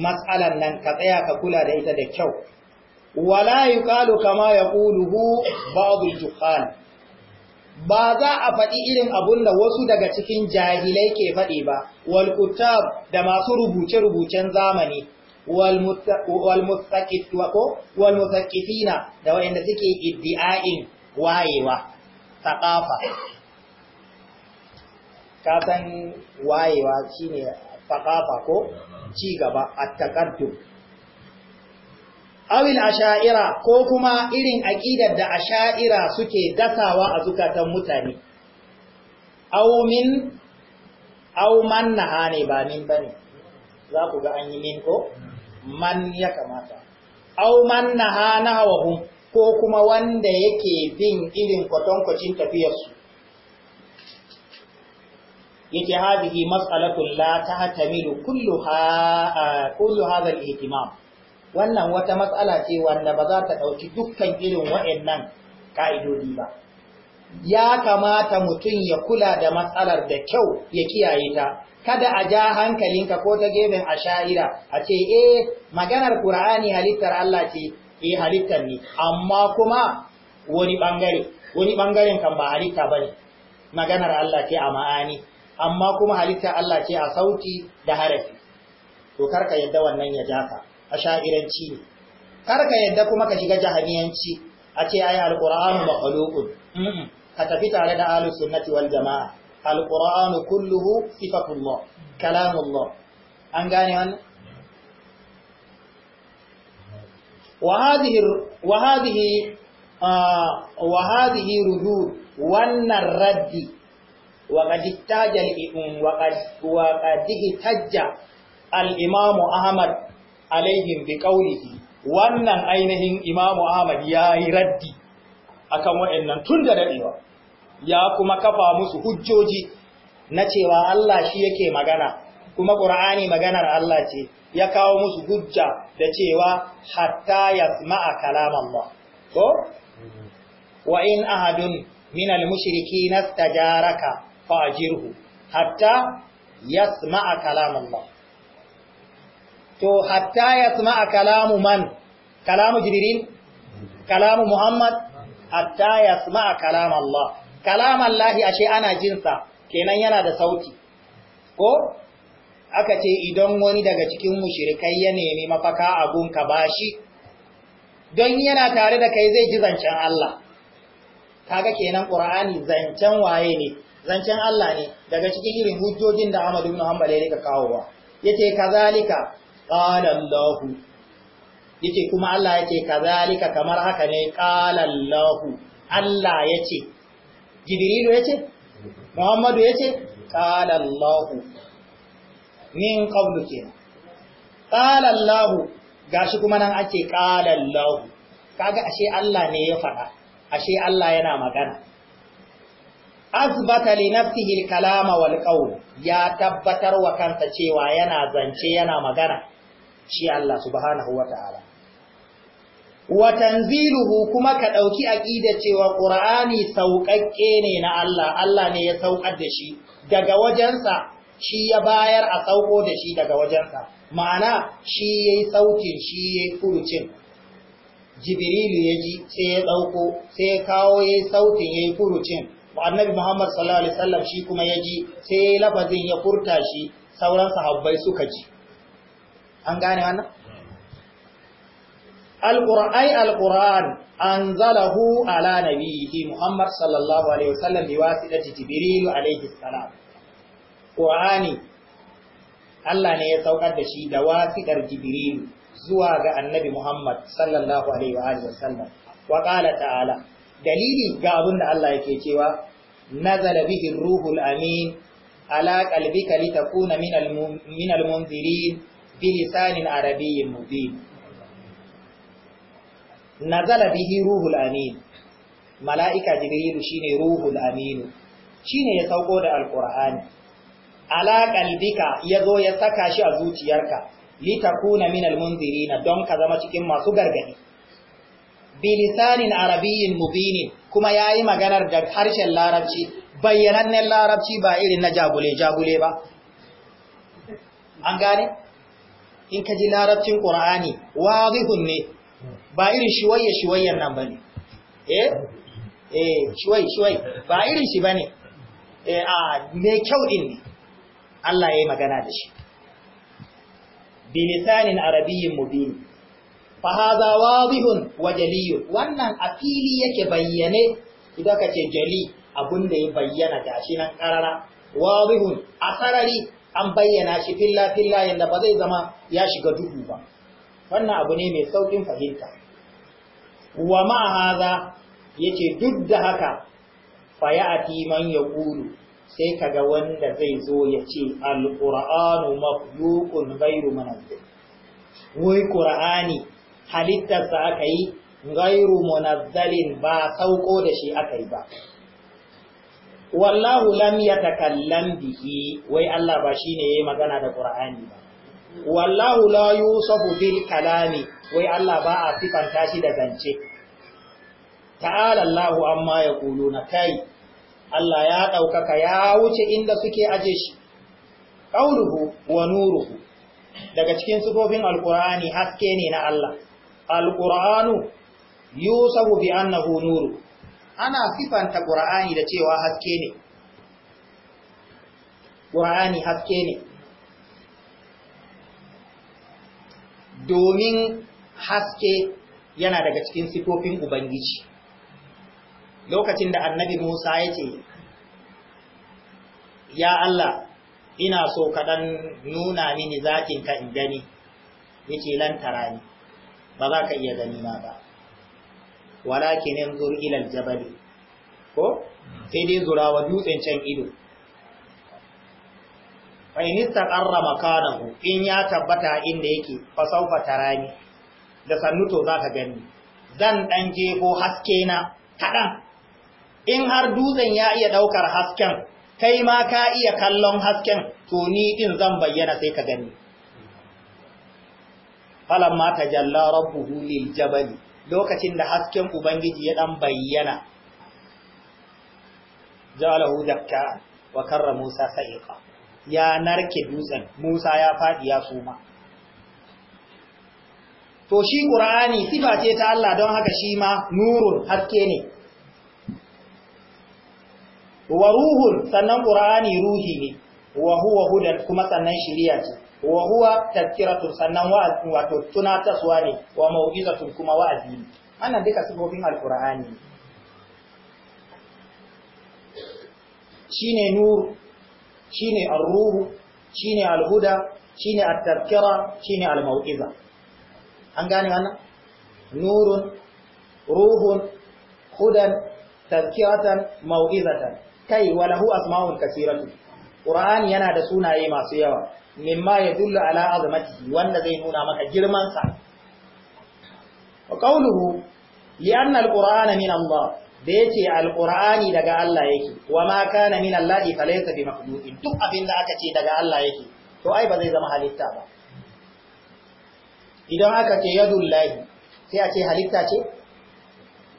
matsalan nan ka tsaya ka kula da ita da kyau wala yuqalu kama ya ba'd babu juhal ba za a faɗi irin abun da wasu daga cikin jahilai ke faɗi ba wal kutab da masu rubuce rubucen zamani wal wal da wanda suke iddi'ain wayewa thaqafa wayewa shine thaqafa ko ci gaba at-taqaddum awil asha'ira ko kuma irin aƙidar da asha'ira suke gasawa a zukatan mutane min aw na nahani ba min bane za ku ga an yi min ko man ya kamata man nahana wa hum ko kuma wanda yake bin irin kwatankwacin tafiyarsu yake hadihi mas'alatu la tahtamilu kullu ha kullu hadha al-ihtimam wannan wata matsala ce wanda ba za ta ɗauki dukkan irin wa'annan ƙa'idodi ba ya kamata mutum ya kula da matsalar da kyau ya kiyaye ta kada a ja hankalinka ko ta gefen asha'ira a ce eh maganar qur'ani halittar Allah ce eh halittar ne amma kuma wani bangare wani bangaren kan ba halitta bane maganar Allah ce a ma'ani amma kuma halittar Allah ce a sauti da harafi to karka yadda wannan ya jaka a sha'iranci ne karka ka yadda kuma ka shiga jahamiyanci a ce ai alqur'anu makhluqun ka tafi tare da ahlus sunnati wal jamaa alqur'anu kulluhu sifatullah kalamullah an gane wannan wa hadhihi wa hadhihi wa hadhihi rudur wannan raddi wa qad tajal wa qad wa qad tajja al-imam ahmad alaihim bi qawlihi wannan ainihin Imam Ahmad ya yi raddi akan waɗannan tun da dadewa ya kuma kafa musu hujjoji na cewa Allah shi yake magana kuma Qur'ani maganar Allah ce ya kawo musu hujja da cewa hatta yasma'a kalam Allah ko wa in ahadun min al mushriki nastajaraka fa'jirhu hatta yasma'a kalam Allah to hatta yasma'a kalamu man kalamu jibril kalamu muhammad hatta yasma'a kalam Allah kalam Allah ashe ana jinsa kenan yana da sauti ko aka ce idan wani daga cikin mushrikai ya nemi mafaka a gunka bashi don yana tare da kai zai ji zancen Allah kaga kenan qur'ani zancen waye ne zancen Allah ne daga cikin irin hujjojin da amadu ibn Hanbal ya rika kawowa yace kazalika ƙalan lahu yake kuma Allah yake kazalika kamar haka ne ƙalan Allah ya ce jibrilu ya ce muhammadu ya ce ƙalan lahu min ƙaunu kenan ƙalan lahu gashi kuma nan ake ƙalan lahu kaga ashe Allah ne ya faɗa ashe Allah yana magana azbata li nafsihi al-kalama wal qawl ya tabbatar wa kansa cewa yana zance yana magana shi Allah subhanahu wa ta'ala. Wa tanziluhu kuma ka ɗauki aƙida cewa ƙura'ani sauƙaƙƙe ne na Allah, Allah ne ya sauƙar da shi daga wajensa, shi ya bayar a sauƙo da shi daga wajensa, ma'ana shi ya yi sautin shi ya yi furucin. Jibril ya ji sai ya ɗauko, sai ya kawo ya yi sautin ya yi furucin, wa annabi Muhammad sallallahu Alaihi wasallam shi kuma ya ji sai ya lafazin ya furta shi sauran sahabbai suka ji. an gane wannan alqur'ai alqur'an anzalahu ala nabiyhi muhammad sallallahu alaihi wasallam bi wasitati jibril alaihi salam qur'ani Allah ne ya saukar da shi da wasiƙar jibril zuwa ga annabi muhammad sallallahu alaihi wa alihi wasallam wa qala ta'ala dalili ga abin da Allah yake cewa nazala bihi ruhul amin ala qalbika litakuna minal minal munzirin bilisanin arabiyyin mubin nazala bihi ruhul amin mala'ika jibrilu shine ruhul aminu shine ya sauko da alqur'ani ala qalbika yazo ya saka shi a zuciyarka litakuna minal munzirina don ka zama cikin masu gargadi bilisanin arabiyyin mubinin kuma yayi maganar da harshen larabci bayyanannen larabci ba irin na jagule jagule ba an gane in ka ji larabcin ƙura'ani wazihun ne ba irin shiwaye shiwayen nan ba ne eh eh shiwaye shiwai ba irin shi ba ne eh a mai kyau ɗin ne Allah ya yi magana da shi bilisanin arabiyyin mubini fahaza wazihun wa jaliyun wannan a fili yake bayyane idan ka ce jali abin da ya bayyana gashi nan ƙarara wazihun a sarari an bayyana shi filla filla yadda ba zai zama ya shiga duhu ba wannan abu ne mai sauƙin fahimta wa ma haza yace duk da haka fa a man yaqulu sai kaga wanda zai zo ya ce alqur'anu makhluqun gairu munazzal wai qur'ani halittarsa aka yi gairu munazzalin ba sauko da shi aka yi ba wallahu lam yatakallam bihi wai Allah ba shine yayi magana da Qur'ani ba wallahu la yusafu bil kalami wai Allah ba a sifanta shi da zance ta'ala Allahu amma yaquluna kai Allah ya daukaka ya wuce inda suke aje shi qauluhu wa nuruhu daga cikin sifofin alqur'ani haske ne na Allah alqur'anu yusafu bi annahu nuru ana sifanta ƙura'ani da cewa haske ne ƙura'ani haske ne domin haske yana daga cikin sifofin ubangiji lokacin da annabi musa ya ce ya Allah ina so kaɗan nuna mini ka in gani ya ce lantara ni, ba za ka iya gani na ba walakin yanzur ila Jabali ko sai dai zurawa dutsen can ido fa in istaqarra makanahu in ya tabbata inda yake fa saufa tarani da sannuto zaka gani zan dan ko haske na kadan in har dutsen ya iya daukar hasken kai ma ka iya kallon hasken to ni din zan bayyana sai ka gani falamma tajalla rabbuhu lil jabali lokacin da hasken ubangiji ya dan bayyana jalahu dakka wa karra musa sa'iqa ya narke dutsen musa ya fadi ya suma to shi qur'ani sifa ce ta Allah don haka shi ma nurun haske ne wa ruhun sannan qur'ani ruhi ne wa huwa hudan kuma sannan shiriya ce وهو تذكرة سنوات وتنات سواني وموئزة كما وعزين أنا ديك سبو بها القرآن شيني نور شيني الروح شيني الهدى شيني التذكرة شيني الموئزة أنغاني أنا نور روح هدى تذكرة موئزة كي وله أسماء كثيرة Qur'ani yana da sunaye masu yawa mimma dullu ala azamatihi wanda zai nuna maka girman sa wa qawluhu li min Allah da yace ce qurani daga Allah yake wa ma kana min Allah fa laysa bi makhluqin duk abin da aka ce daga Allah yake to ai ba zai zama halitta ba idan aka ce yadullahi sai a ce halitta ce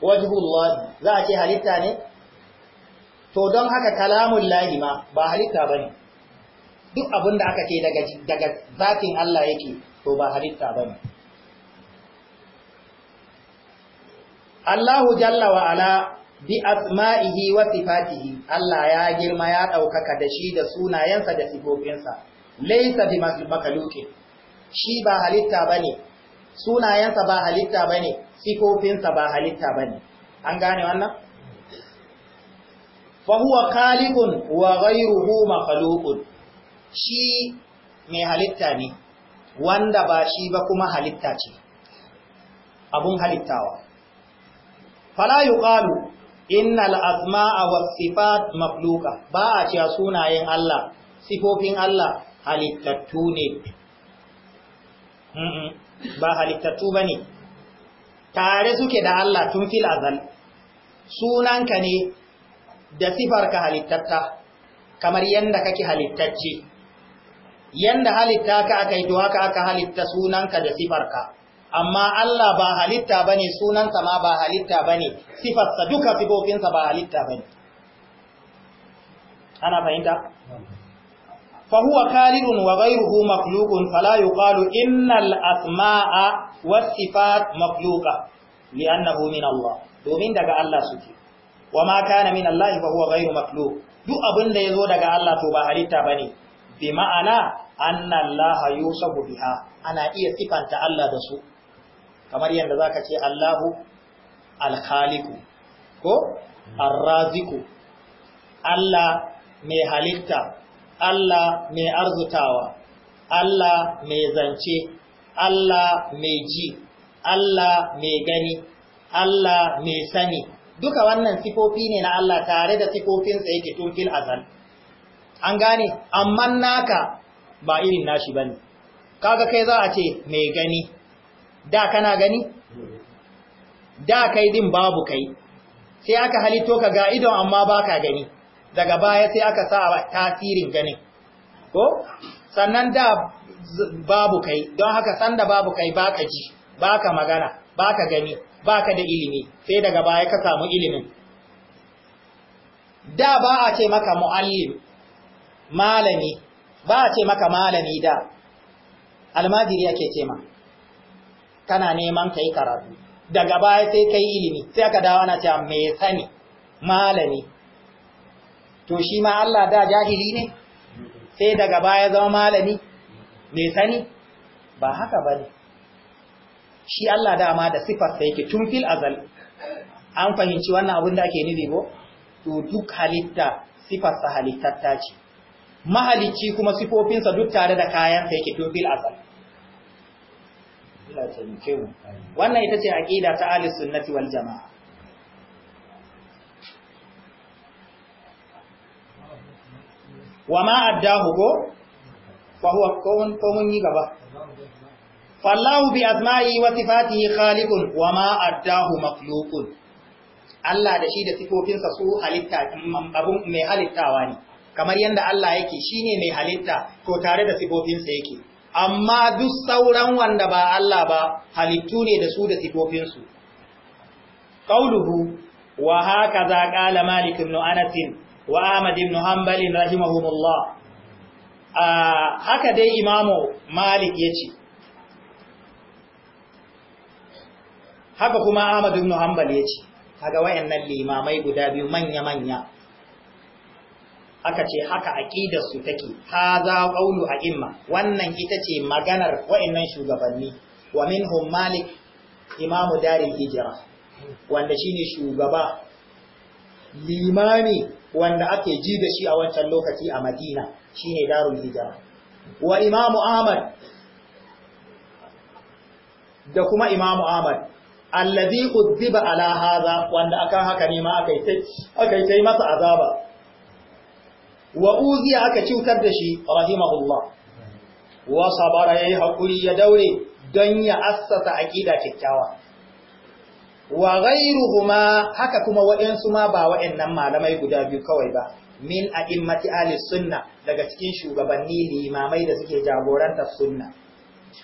wajhullahi za a ce halitta ne to don haka kalamun lahi ma ba halitta ba ne duk abin da aka ce daga zafin Allah yake to ba halitta ba ne Allahu jalla wa ala bi asma'ihi wa sifatihi Allah ya girma ya ɗaukaka da shi da sunayensa da sifofinsa laisa bi makhluqin shi ba halitta bane sunayensa ba halitta bane sifofinsa ba halitta bane an gane wannan fa huwa khaliqun wa ghayruhu shi mai halitta ne wanda ba shi ba kuma halitta ce abun halittawa fala yuqalu innal asma'a was sifat makhluqa ba a cewa sunayen Allah sifofin Allah halittattu ne ba halittattu bane tare suke da Allah tun fil azal sunanka ne da sifar ka halittatta kamar yadda kake halittacce yadda halitta ka aka yi to haka aka halitta sunanka da sifarka amma Allah ba halitta bane sunansa ma ba halitta bane sifarsa duka sifofinsa ba halitta bane ana fahimta fa huwa kalidun wa ghayruhu makhluqun fala yuqalu innal asma'a was sifat makhluqa li'annahu min Allah domin daga Allah suke wa ma kana min Allah fa huwa ghayru makhluq duk abin da yazo daga Allah to ba halitta bane bi ma'ana anna Allah yusabu biha ana iya sifanta Allah da su kamar yadda zaka ce Allahu al khaliqu ko ar-raziq Allah mai halitta Allah mai arzutawa Allah mai zance Allah mai ji Allah mai gani Allah mai sani duka wannan sifofi ne na Allah tare da sifofinsa yake tun fil azal an gane amma naka ba irin nashi bane kaga kai za a ce mai gani da kana gani da kai din babu kai sai aka halitto ka ga idon amma baka gani daga baya sai aka sa tasirin ganin ko sannan da babu kai don haka sanda babu kai baka ji baka magana baka gani baka da ilimi sai daga baya ka samu ilimin da ba a ce maka muallim malami ba a ce maka malami da almajiri yake ce ma kana neman ka karatu daga baya sai ka ilimi sai aka dawo na cewa me sani malami to shi ma Allah da jahili ne sai daga baya zama malami mai sani ba haka ba shi Allah dama da da yake tun fil azal an fahimci wannan abin da ake nufi ko to duk halitta sifarsa halittatta ce mahalicci kuma sifofinsa duk tare da kayan sa yake tun fil azal wannan ita ce aqida ta ahlus sunnati wal jamaa wa ma addahu ko fa huwa qawmun qawmun yi gaba fallahu bi asma'i خالق وما أداه wa ma addahu Allah da shi da sifofinsa su halitta mm, abin mai halittawa ne kamar yadda Allah yake shine mai halitta ko tare da sifofinsa yake amma duk sauran wanda ba Allah ba halittu ne da su da sifofinsu qauluhu wa haka qala malik ibn anas wa ahmad ibn hanbal rahimahumullah ah, haka dai imamu malik yace haka kuma Ahmad ibn Hanbal yace kaga wayannan limamai guda biyu manya manya aka ce haka aqidar su take haza qawlu a'imma wannan ita ce maganar wayannan shugabanni wa minhum Malik imam darul hijra wanda shine shugaba limami wanda ake ji da shi a wancan lokaci a Madina shine darul hijra wa imam Ahmad da kuma imam Ahmad alladhi udhiba ala hadha wanda akan haka ne ma aka yi aka masa azaba wa uzi aka cutar da shi rahimahullah wa sabara yayi hakuri ya daure don ya assasa aqida kikkiawa wa ghayruhuma haka kuma waɗansu ma ba waɗannan malamai guda biyu kawai ba min a'immati ahli sunna daga cikin shugabanni limamai da suke jagorantar sunna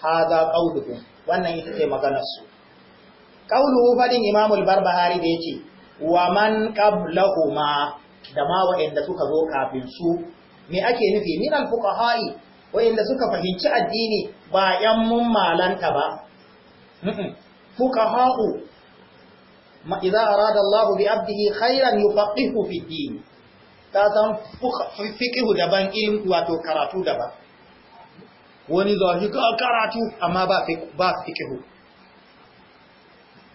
hadha qawluhum wannan ita ce maganar su kauluhu fadin imamul barbahari da yake wa man ma da ma wa'inda suka zo kafin su me ake nufi min alfuk'a ha'i? Wa'inda suka fahimci addini ba yan mun malanta ba fuqaha'u ma idza arada Allah bi abdihi khairan yufaqihu fi din ta san fiqhu daban irin wato karatu daban wani zahi ka karatu amma ba fiqhu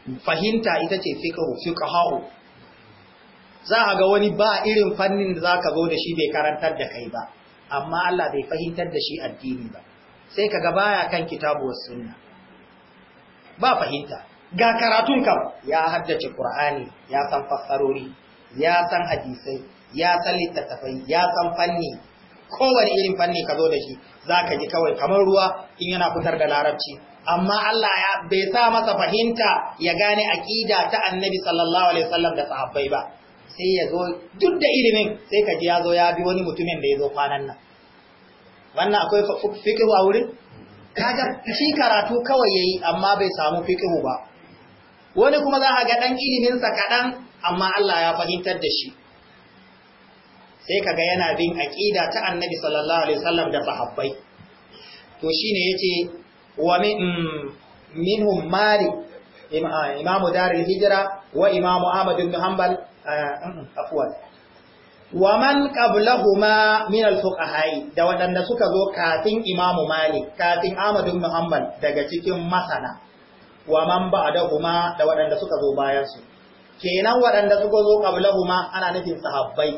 fahimta ita ce fikahu fikahu za a ga wani ba irin fannin da za ka zo da shi bai karantar da kai ba amma Allah bai fahimtar da shi addini ba sai ka gaba baya kan kitabu Wasu sunna ba fahimta ga karatun kam ya haddace Kur'ani, ya san fassarori ya san hadisai ya san littattafai ya san fanni kowane irin fanni ka zo da shi za ka ji kawai kamar ruwa in yana fitar da larabci amma Allah ya bai sa masa fahimta ya gane aqida ta Annabi sallallahu alaihi wasallam da sahabbai ba sai ya zo duk da ilimin sai ka ji ya zo ya bi wani mutumin da ya zo kwanan nan wannan akwai fiqhu a wurin kaga shi karatu kawai yayi amma bai samu fiqhu ba wani kuma za a ga dan ilimin sa kadan amma Allah ya fahimtar da shi sai kaga yana bin aqida ta Annabi sallallahu alaihi wasallam da sahabbai to shine yace wa minhum malik ah, imamu darul hijra wa Imam ahmad ibn hanbal eh, mm, mm, afwan wa man qablahuma min al-fuqaha'i da wadanda suka zo kafin Imam malik kafin ahmad bin hanbal daga cikin masana wa man ba'dahuma da wadanda suka zo bayan su kenan wadanda suka zo qablahuma ana nufin sahabbai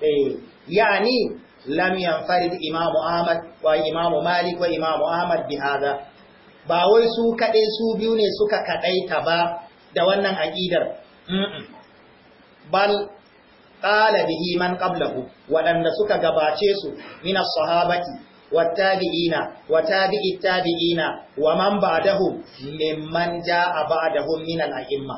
eh yani lam yanfarid Imam Ahmad wa Imam Malik wa imamu Ahmad bi ba wai su kaɗai su biyu ne suka kaɗaita ba da wannan aƙidar bal qala bihi man qablahu waɗanda suka gabace su min as-sahabati والتابعين وتابع man ومن بعدهم ممن جاء بعدهم من a'imma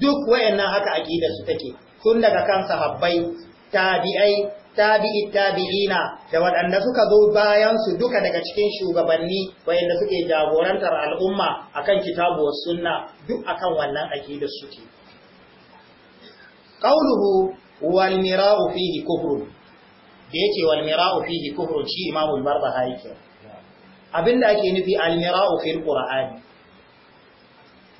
duk wayannan haka aƙidar su take tun daga kan sahabbai tabi'ai tabi'i tabi'ina da waɗanda suka zo bayan su duka daga cikin shugabanni wayanda suke jagorantar al'umma akan kitabu was sunna duk akan wannan aqidar suke qauluhu wal mira'u fihi kufrun da yake wal mira'u fihi kufrun shi imamul barbahari ke abinda ake nufi al mira'u fil qur'ani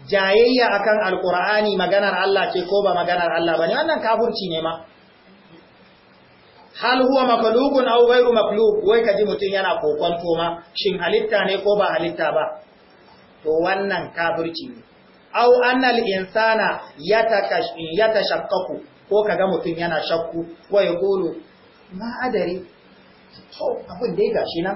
jayayya akan al qur'ani maganar Allah ce ko ba maganar Allah bane wannan kafirci ne ma hal huwa makhluqun aw ghairu makhluq wai kaji mutun yana kokon koma shin halitta ne ko ba halitta ba to wannan kafirci ne aw annal insana yatakash yatashaqqaqu ko kaga mutun yana shakku wa yaqulu ma adari to abin dai gashi na,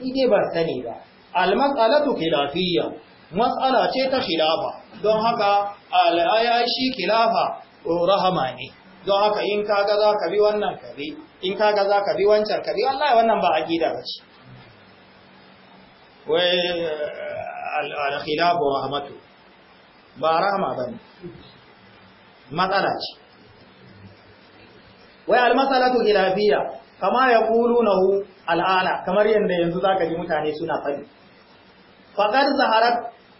ni dai ban sani ba al mas'alatu khilafiyya mas'ala ce ta khilafa don haka al ayashi khilafa rahama ne don haka in kaga za ka bi wannan ka bi in kaga za ka bi wancan ka bi wallahi wannan ba aqida ba ce wai al-khilafu rahmatu ba rahama ne, matsala ce wai al-masalatu khilafiyya kama na hu al'ana kamar yadda yanzu za ka ji mutane suna fadi faɗar zaharar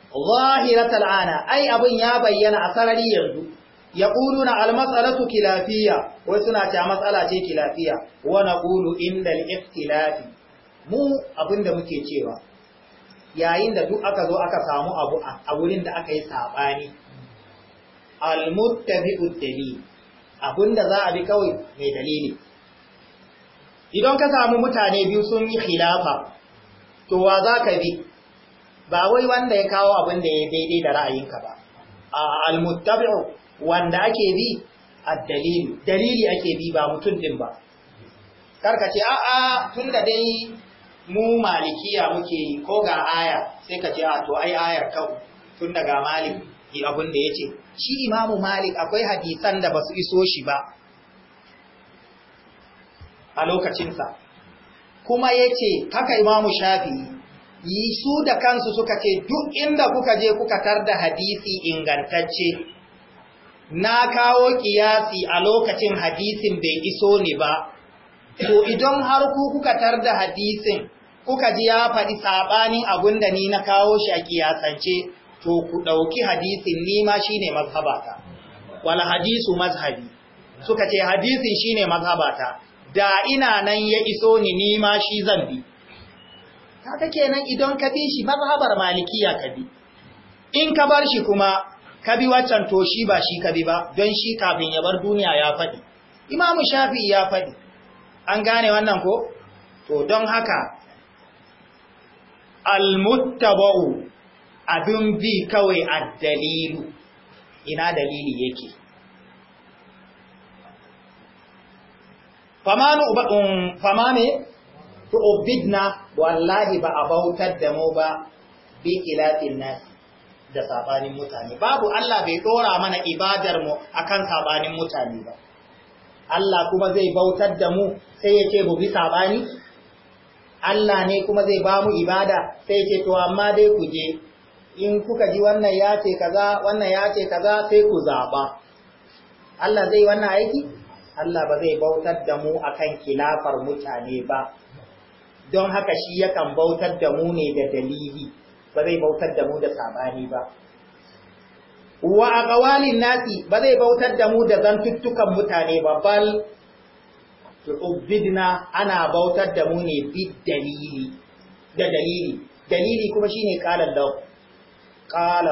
zahirar al'ana ai abin ya bayyana a sarari yanzu ya ƙulu na almasalatu kilafiya wai suna ta matsala ce kilafiya wana ƙulu inda al'iftilafi mu abinda muke cewa yayin da duk aka zo aka samu abu a wurin da aka yi saɓani almuttafi'ud dalil abinda za a bi kawai mai dalili idan ka samu mutane biyu sun yi khilafa to wa za ka bi ba wai wanda ya kawo abin da ya daidai da ra'ayinka ba almuttafi'u wanda ake bi a dalili ake bi ba mutum din ba karka ce a'a da dai mu malikiya muke yi ko ga aya sai ka ce a to ai ayar kau tun daga malik abin da yace shi imamu malik akwai hadisan da basu iso shi ba a lokacinsa kuma yace haka imamu shafi yi su da kansu suka ce duk inda kuka je kuka tar da hadisi ingantacce na kawo kiyasi a lokacin hadisin bai iso ne ba to idan har ku kuka tar da hadisin kuka ji ya faɗi saɓanin abin da ni na kawo shi a kiyasance to ku ɗauki hadisin nima shine mazhabata Wani hadisu mazhabi suka ce hadisin shine mazhabata da ina nan ya iso ni nima shi zan bi kake kenan idan ka bi shi mazhabar malikiya ka bi in ka bar shi kuma ka bi waccan to shi ba shi Kabi ba don shi kafin ya bar duniya ya faɗi imamu shafi ya faɗi an gane wannan ko to don haka almuttaba'u abin bi kawai a dalilu ina dalili yake famanu um, famane tu'bidna wallahi ba a bautar da mu ba bi ilafin nasi da sabanin mutane babu Allah bai dora mana ibadar mu akan sabanin mutane ba Allah kuma zai bautar da mu sai yake mu bi sabani Allah ne kuma zai ba mu ibada sai yake to amma dai ku je in kuka ji wannan ya ce kaza wannan ya ce kaza sai ku zaba Allah zai wannan aiki Allah ba zai bautar da mu akan kilafar mutane ba don haka shi yakan bautar da mu ne da dalili ba zai bautar da mu da sabani ba wa aqwalin nasi ba zai bautar da mu da zantuttukan mutane ba bal tu'bidna ana bautar da mu ne bid da dalili dalili kuma shine qala Allah qala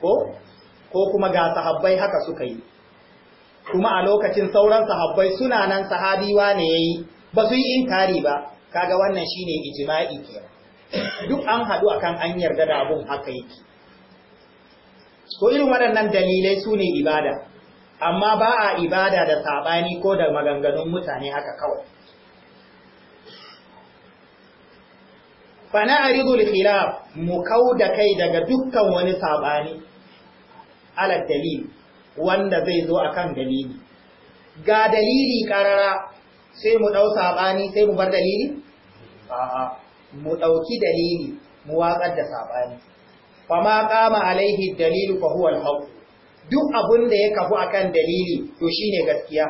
ko ko kuma ga sahabbai haka suka yi kuma a lokacin sauran sahabbai suna nan sahabiwa ne yayi ba su yi inkari ba kaga wannan shine ijma'i kenan duk an haɗu akan an yarda da abun haka yake to irin waɗannan dalilai su ne ibada amma ba a ibada da saɓani ko da maganganun mutane haka kawai fana a rizul khilaf mu kau da kai daga dukkan wani saɓani ala dalil wanda zai zo akan dalili ga dalili ƙarara sai mu ɗau saɓani sai mu bar dalili? A'a. mu ɗauki dalili mu watsar da saɓani fama kama alaihi dalilu fa huwa al duk abun da ya kafu akan dalili to shine gaskiya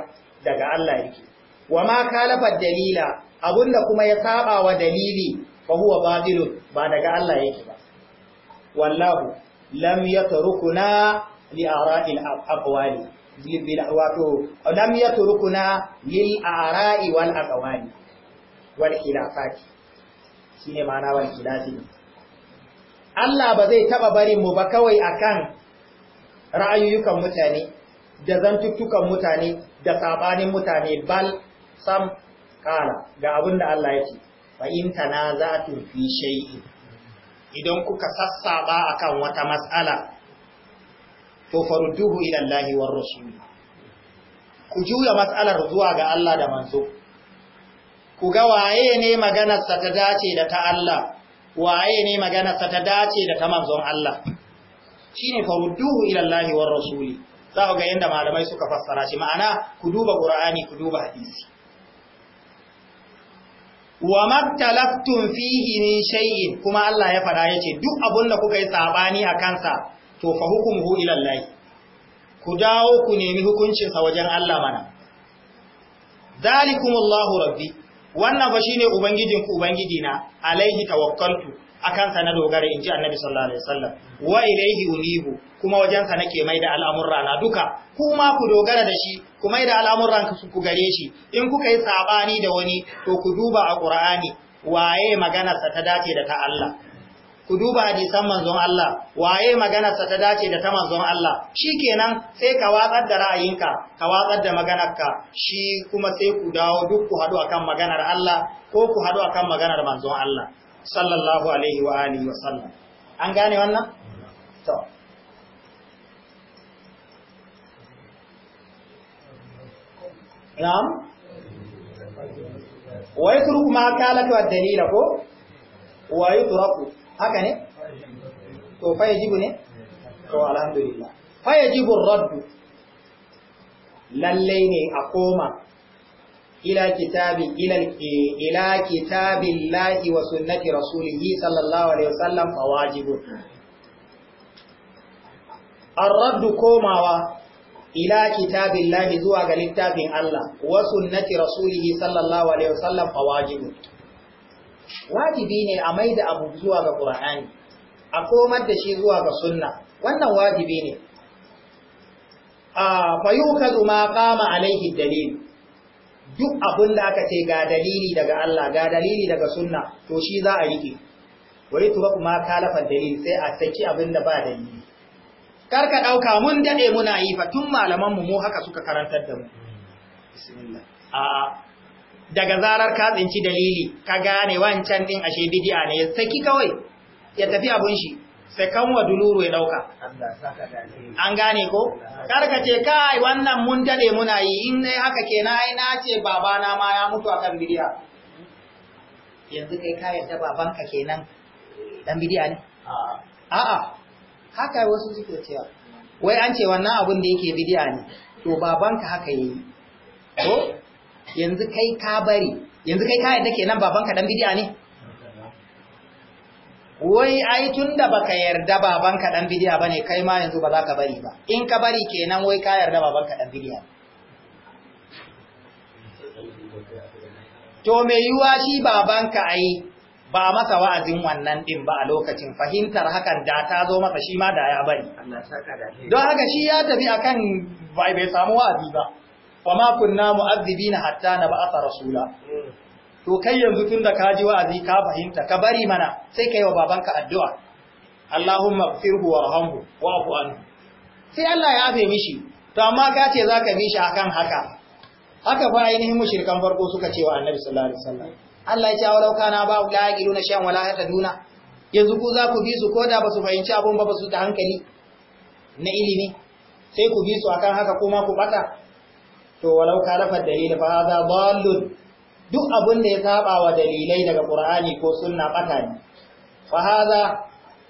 daga Allah yake wa ma kalafa dalila abun da kuma ya saba wa dalili fa huwa batilun ba daga Allah yake ba wallahu lam yatrukuna li ara'il aqwali wato lam yatrukuna lil ara'i wal aqwali wal khilafati shine wani wal ne. Allah ba zai taɓa barin mu ba kawai akan ra'ayoyukan mutane da zantuttukan mutane da sabanin mutane bal sam kala ga da Allah ya ce ba in a fi shai’i idan kuka sassaɓa akan wata mas'ala to idan duhu idan lahiwar rasu ku juya matsalar zuwa ga Allah da manzo ku ga waye ne maganarsa ta dace da ta Allah waye ne maganarsa ta dace da ta manzon Allah shine farudduhu ila Allah war rasuli za ku ga yanda malamai suka fassara shi ma'ana ku duba qur'ani ku duba hadisi wa maktalaftum fihi min shay'in kuma Allah ya fara yace duk abun da kuka yi sabani a kansa to fa hukmuhu ila Allah ku dawo ku nemi hukuncin sa wajen Allah mana zalikumullahu rabbi wannan ba shine ubangijinku ubangijina alaihi tawakkaltu akan sa na dogara inji annabi sallallahu alaihi wasallam wa ilaihi unibu kuma wajen sa nake mai da al'amurra na duka kuma ku dogara da shi ku mai da al'amurran ku gare shi in kuka yi sabani da wani to ku duba a qur'ani waye magana sa ta dace da ta Allah ku duba hadisan manzon Allah waye maganarsa ta dace da ta manzon Allah shikenan sai ka watsar da ra'ayinka ka watsar da maganarka shi kuma sai ku dawo duk ku hadu akan maganar Allah ko ku hadu akan maganar manzon Allah sallallahu alaihi wa alihi wa sallam an gane wannan to na'am wa yatruku ma kalaka dalila ko wa yatruku haka ne to fa yajibu ne to alhamdulillah fa yajibu raddu lalle ne a koma ila kitabi ila ila kitabillahi wa sunnati rasulih sallallahu alaihi wasallam fa wajibu ar-radd komawa ila kitabillahi zuwa ga littafin Allah wa sunnati rasulih sallallahu alaihi wasallam fa wajibi ne a maida abu zuwa ga Qur'ani a komar da shi zuwa ga sunna wannan wajibi ne a fayuka zuma kama alaihi dalil duk abin da aka ce ga dalili daga Allah ga dalili daga sunna to shi za a rike wai tuba kuma kalafa dalil sai a saki abin da ba dalili karka ka dauka mun daɗe muna yi fa tun malaman mu mu haka suka karantar da mu bismillah a daga zarar ka tsinci dalili ka gane wancan din ashe bid'a ne ya saki kawai ya tafi abun shi sai kan wa duluru ya dauka an gane ko ka ce kai wannan mun dade muna yi in dai haka kenan ai na ce baba na ma ya mutu akan bid'a yanzu kai ka yarda babanka kenan dan bid'a ne a'a haka wasu suke cewa wai an ce wannan abun da yake bid'a ne to babanka haka yi ko yanzu kai ka bari yanzu kai ka yadda kenan babanka dan bid'a ne wai ai tunda baka yarda babanka dan bid'a bane kai ma yanzu ba za ka bari ba in ka bari kenan wai ka yarda babanka dan bid'a to me yuwa shi babanka ai ba masa wa'azin wannan din ba a lokacin fahimtar hakan da ta zo masa shi ma da ya bari don haka shi ya tafi akan bai samu wa'azi ba wa ma kunna mu'adhibina hatta nab'atha rasula to kai yanzu tunda ka ji wa'azi ka fahimta ka bari mana sai kai wa babanka addu'a Allahumma ighfirhu warhamhu wa'fu anhu sai Allah ya afe mishi to amma ka ce zaka bi shi akan haka haka fa ainihin mushrikan farko suka ce Annabi sallallahu alaihi wasallam Allah ya ce wa laukana ba la yaqiluna shay'an wala yahtaduna yanzu ku za ku bi su koda ba su fahimci abun ba ba su da hankali na ilimi sai ku bi su akan haka kuma ku bata to walau kalafa dalilin fa hadha dallun duk abin da ya saba wa dalilai daga qur'ani ko sunna bata ne fa hada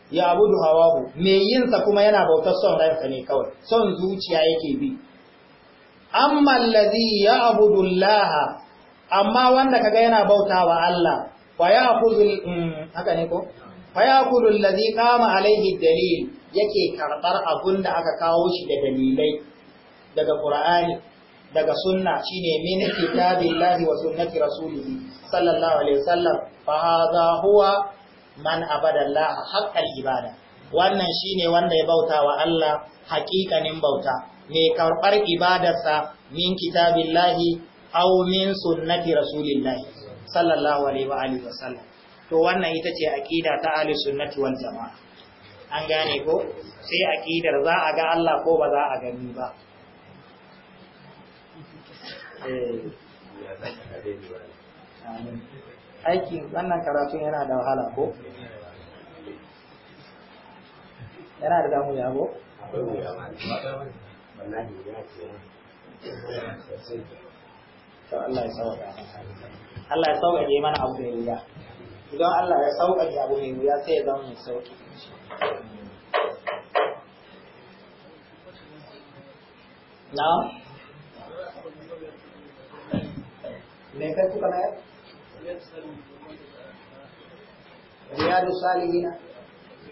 ya abudu hawahu me yin sa kuma yana bautar son ransa ne kawai son zuciya yake bi amma allazi ya abudu allah amma wanda kaga yana bautawa Allah fa ya'khudhu mm, haka ne ko fa ya'khudhu allazi qama alaihi dalil yake karbar abun da aka kawo shi da dalilai daga qur'ani daga sunna shine min kitabillahi wa sunnati rasulihi sallallahu alaihi wasallam fa hadha huwa man abada Allah haqqal ibada wannan shine wanda ya bauta wa Allah haƙiƙanin bauta Me karɓar ibadarsa min kitabillahi aw min sunnati rasulillahi sallallahu alaihi wa alihi wasallam to wannan ita ce aqida ta ahli sunnati wal jamaa an gane ko sai aqidar za a ga Allah ko ba za a gani ba Eh, aikin wannan karatun yana da wahala ko yana da damu ya ko Allah ya sauka Allah ya sauka mana abu mai wuya idan Allah ya sauka je abu mai wuya sai ya zama mai sauki na'am लेकर तो बनाया रियाद सालिhin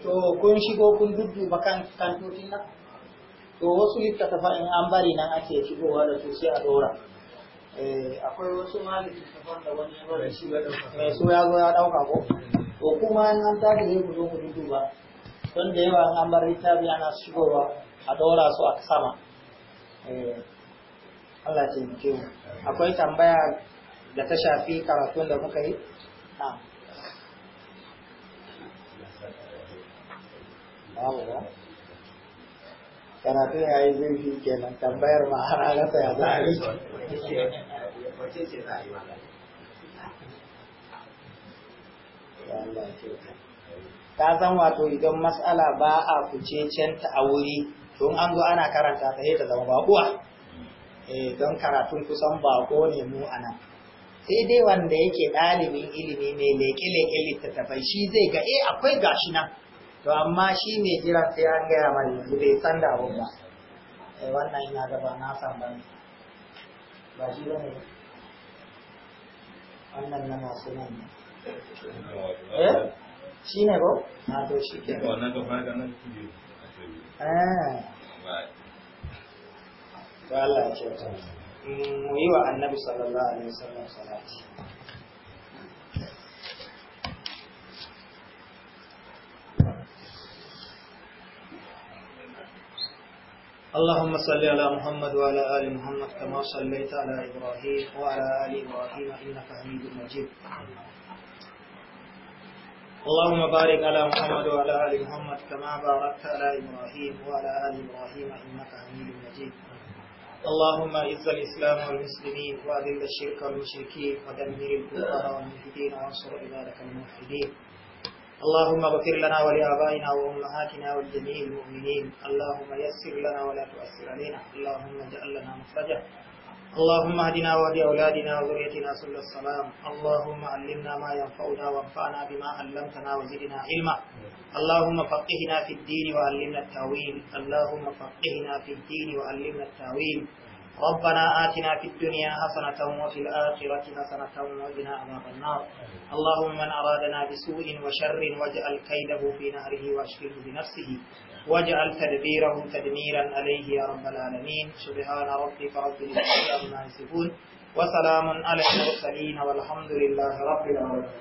to kun shigo kun dudduba kan kantotin nan to wasu littattafa in an bari nan ake shigowa da sai a dora akwai wasu ma littattafan da wani ya ba ya zo ya ko to kuma don da yawa an bar littafi ana shigowa a dora su a sama Allah mu akwai tambaya da ta shafi karatun da muka yi na ya yi zurfi nan, tambayar ma har a rasa ya za a yi ta san wato idan matsala ba a kucecenta a wuri don an zo ana karanta ta ta zama baƙuwa eh, don karatun kusan baƙo ne mu a nan sai dai wanda yake ɗalibin ilimi mai leƙe-leƙe littattafai shi zai ga eh akwai gashi nan to amma shi ne jira sai an gaya mai yanzu bai san da abu ba eh, wannan ina gaba na san ba ba shi ba ne wannan na masu nan eh shi ne ko na to shi ke wannan ga fara nan eh ba Allah ya kyauta mu النبي صلى الله عليه وسلم wasallam اللهم صل على محمد وعلى آل محمد كما صليت على إبراهيم وعلى آل إبراهيم إنك حميد مجيد اللهم بارك على محمد وعلى آل محمد كما باركت على إبراهيم وعلى آل إبراهيم إنك حميد مجيد اللهم اعز الاسلام والمسلمين واذل الشرك والمشركين ودمر الكفار والمجدين وانصر عبادك الموحدين اللهم اغفر لنا ولآبائنا وأمهاتنا والجميع المؤمنين اللهم يسر لنا ولا تؤثر علينا اللهم اجعل لنا مخرجا اللهم اهدنا واهد اولادنا وذريتنا سبل السلام اللهم علمنا ما ينفعنا وانفعنا بما علمتنا وزدنا علما اللهم فقهنا في الدين وعلمنا التاويل اللهم فقهنا في الدين وعلمنا التاويل ربنا آتنا في الدنيا حسنة وفي الآخرة حسنة وقنا عذاب النار اللهم من أرادنا بسوء وشر واجعل كيده في نهره واشغله بنفسه واجعل تدبيرهم تدميرا عليه يا رب العالمين سبحان ربك رب العزة عما يصفون وسلام على المرسلين والحمد لله رب العالمين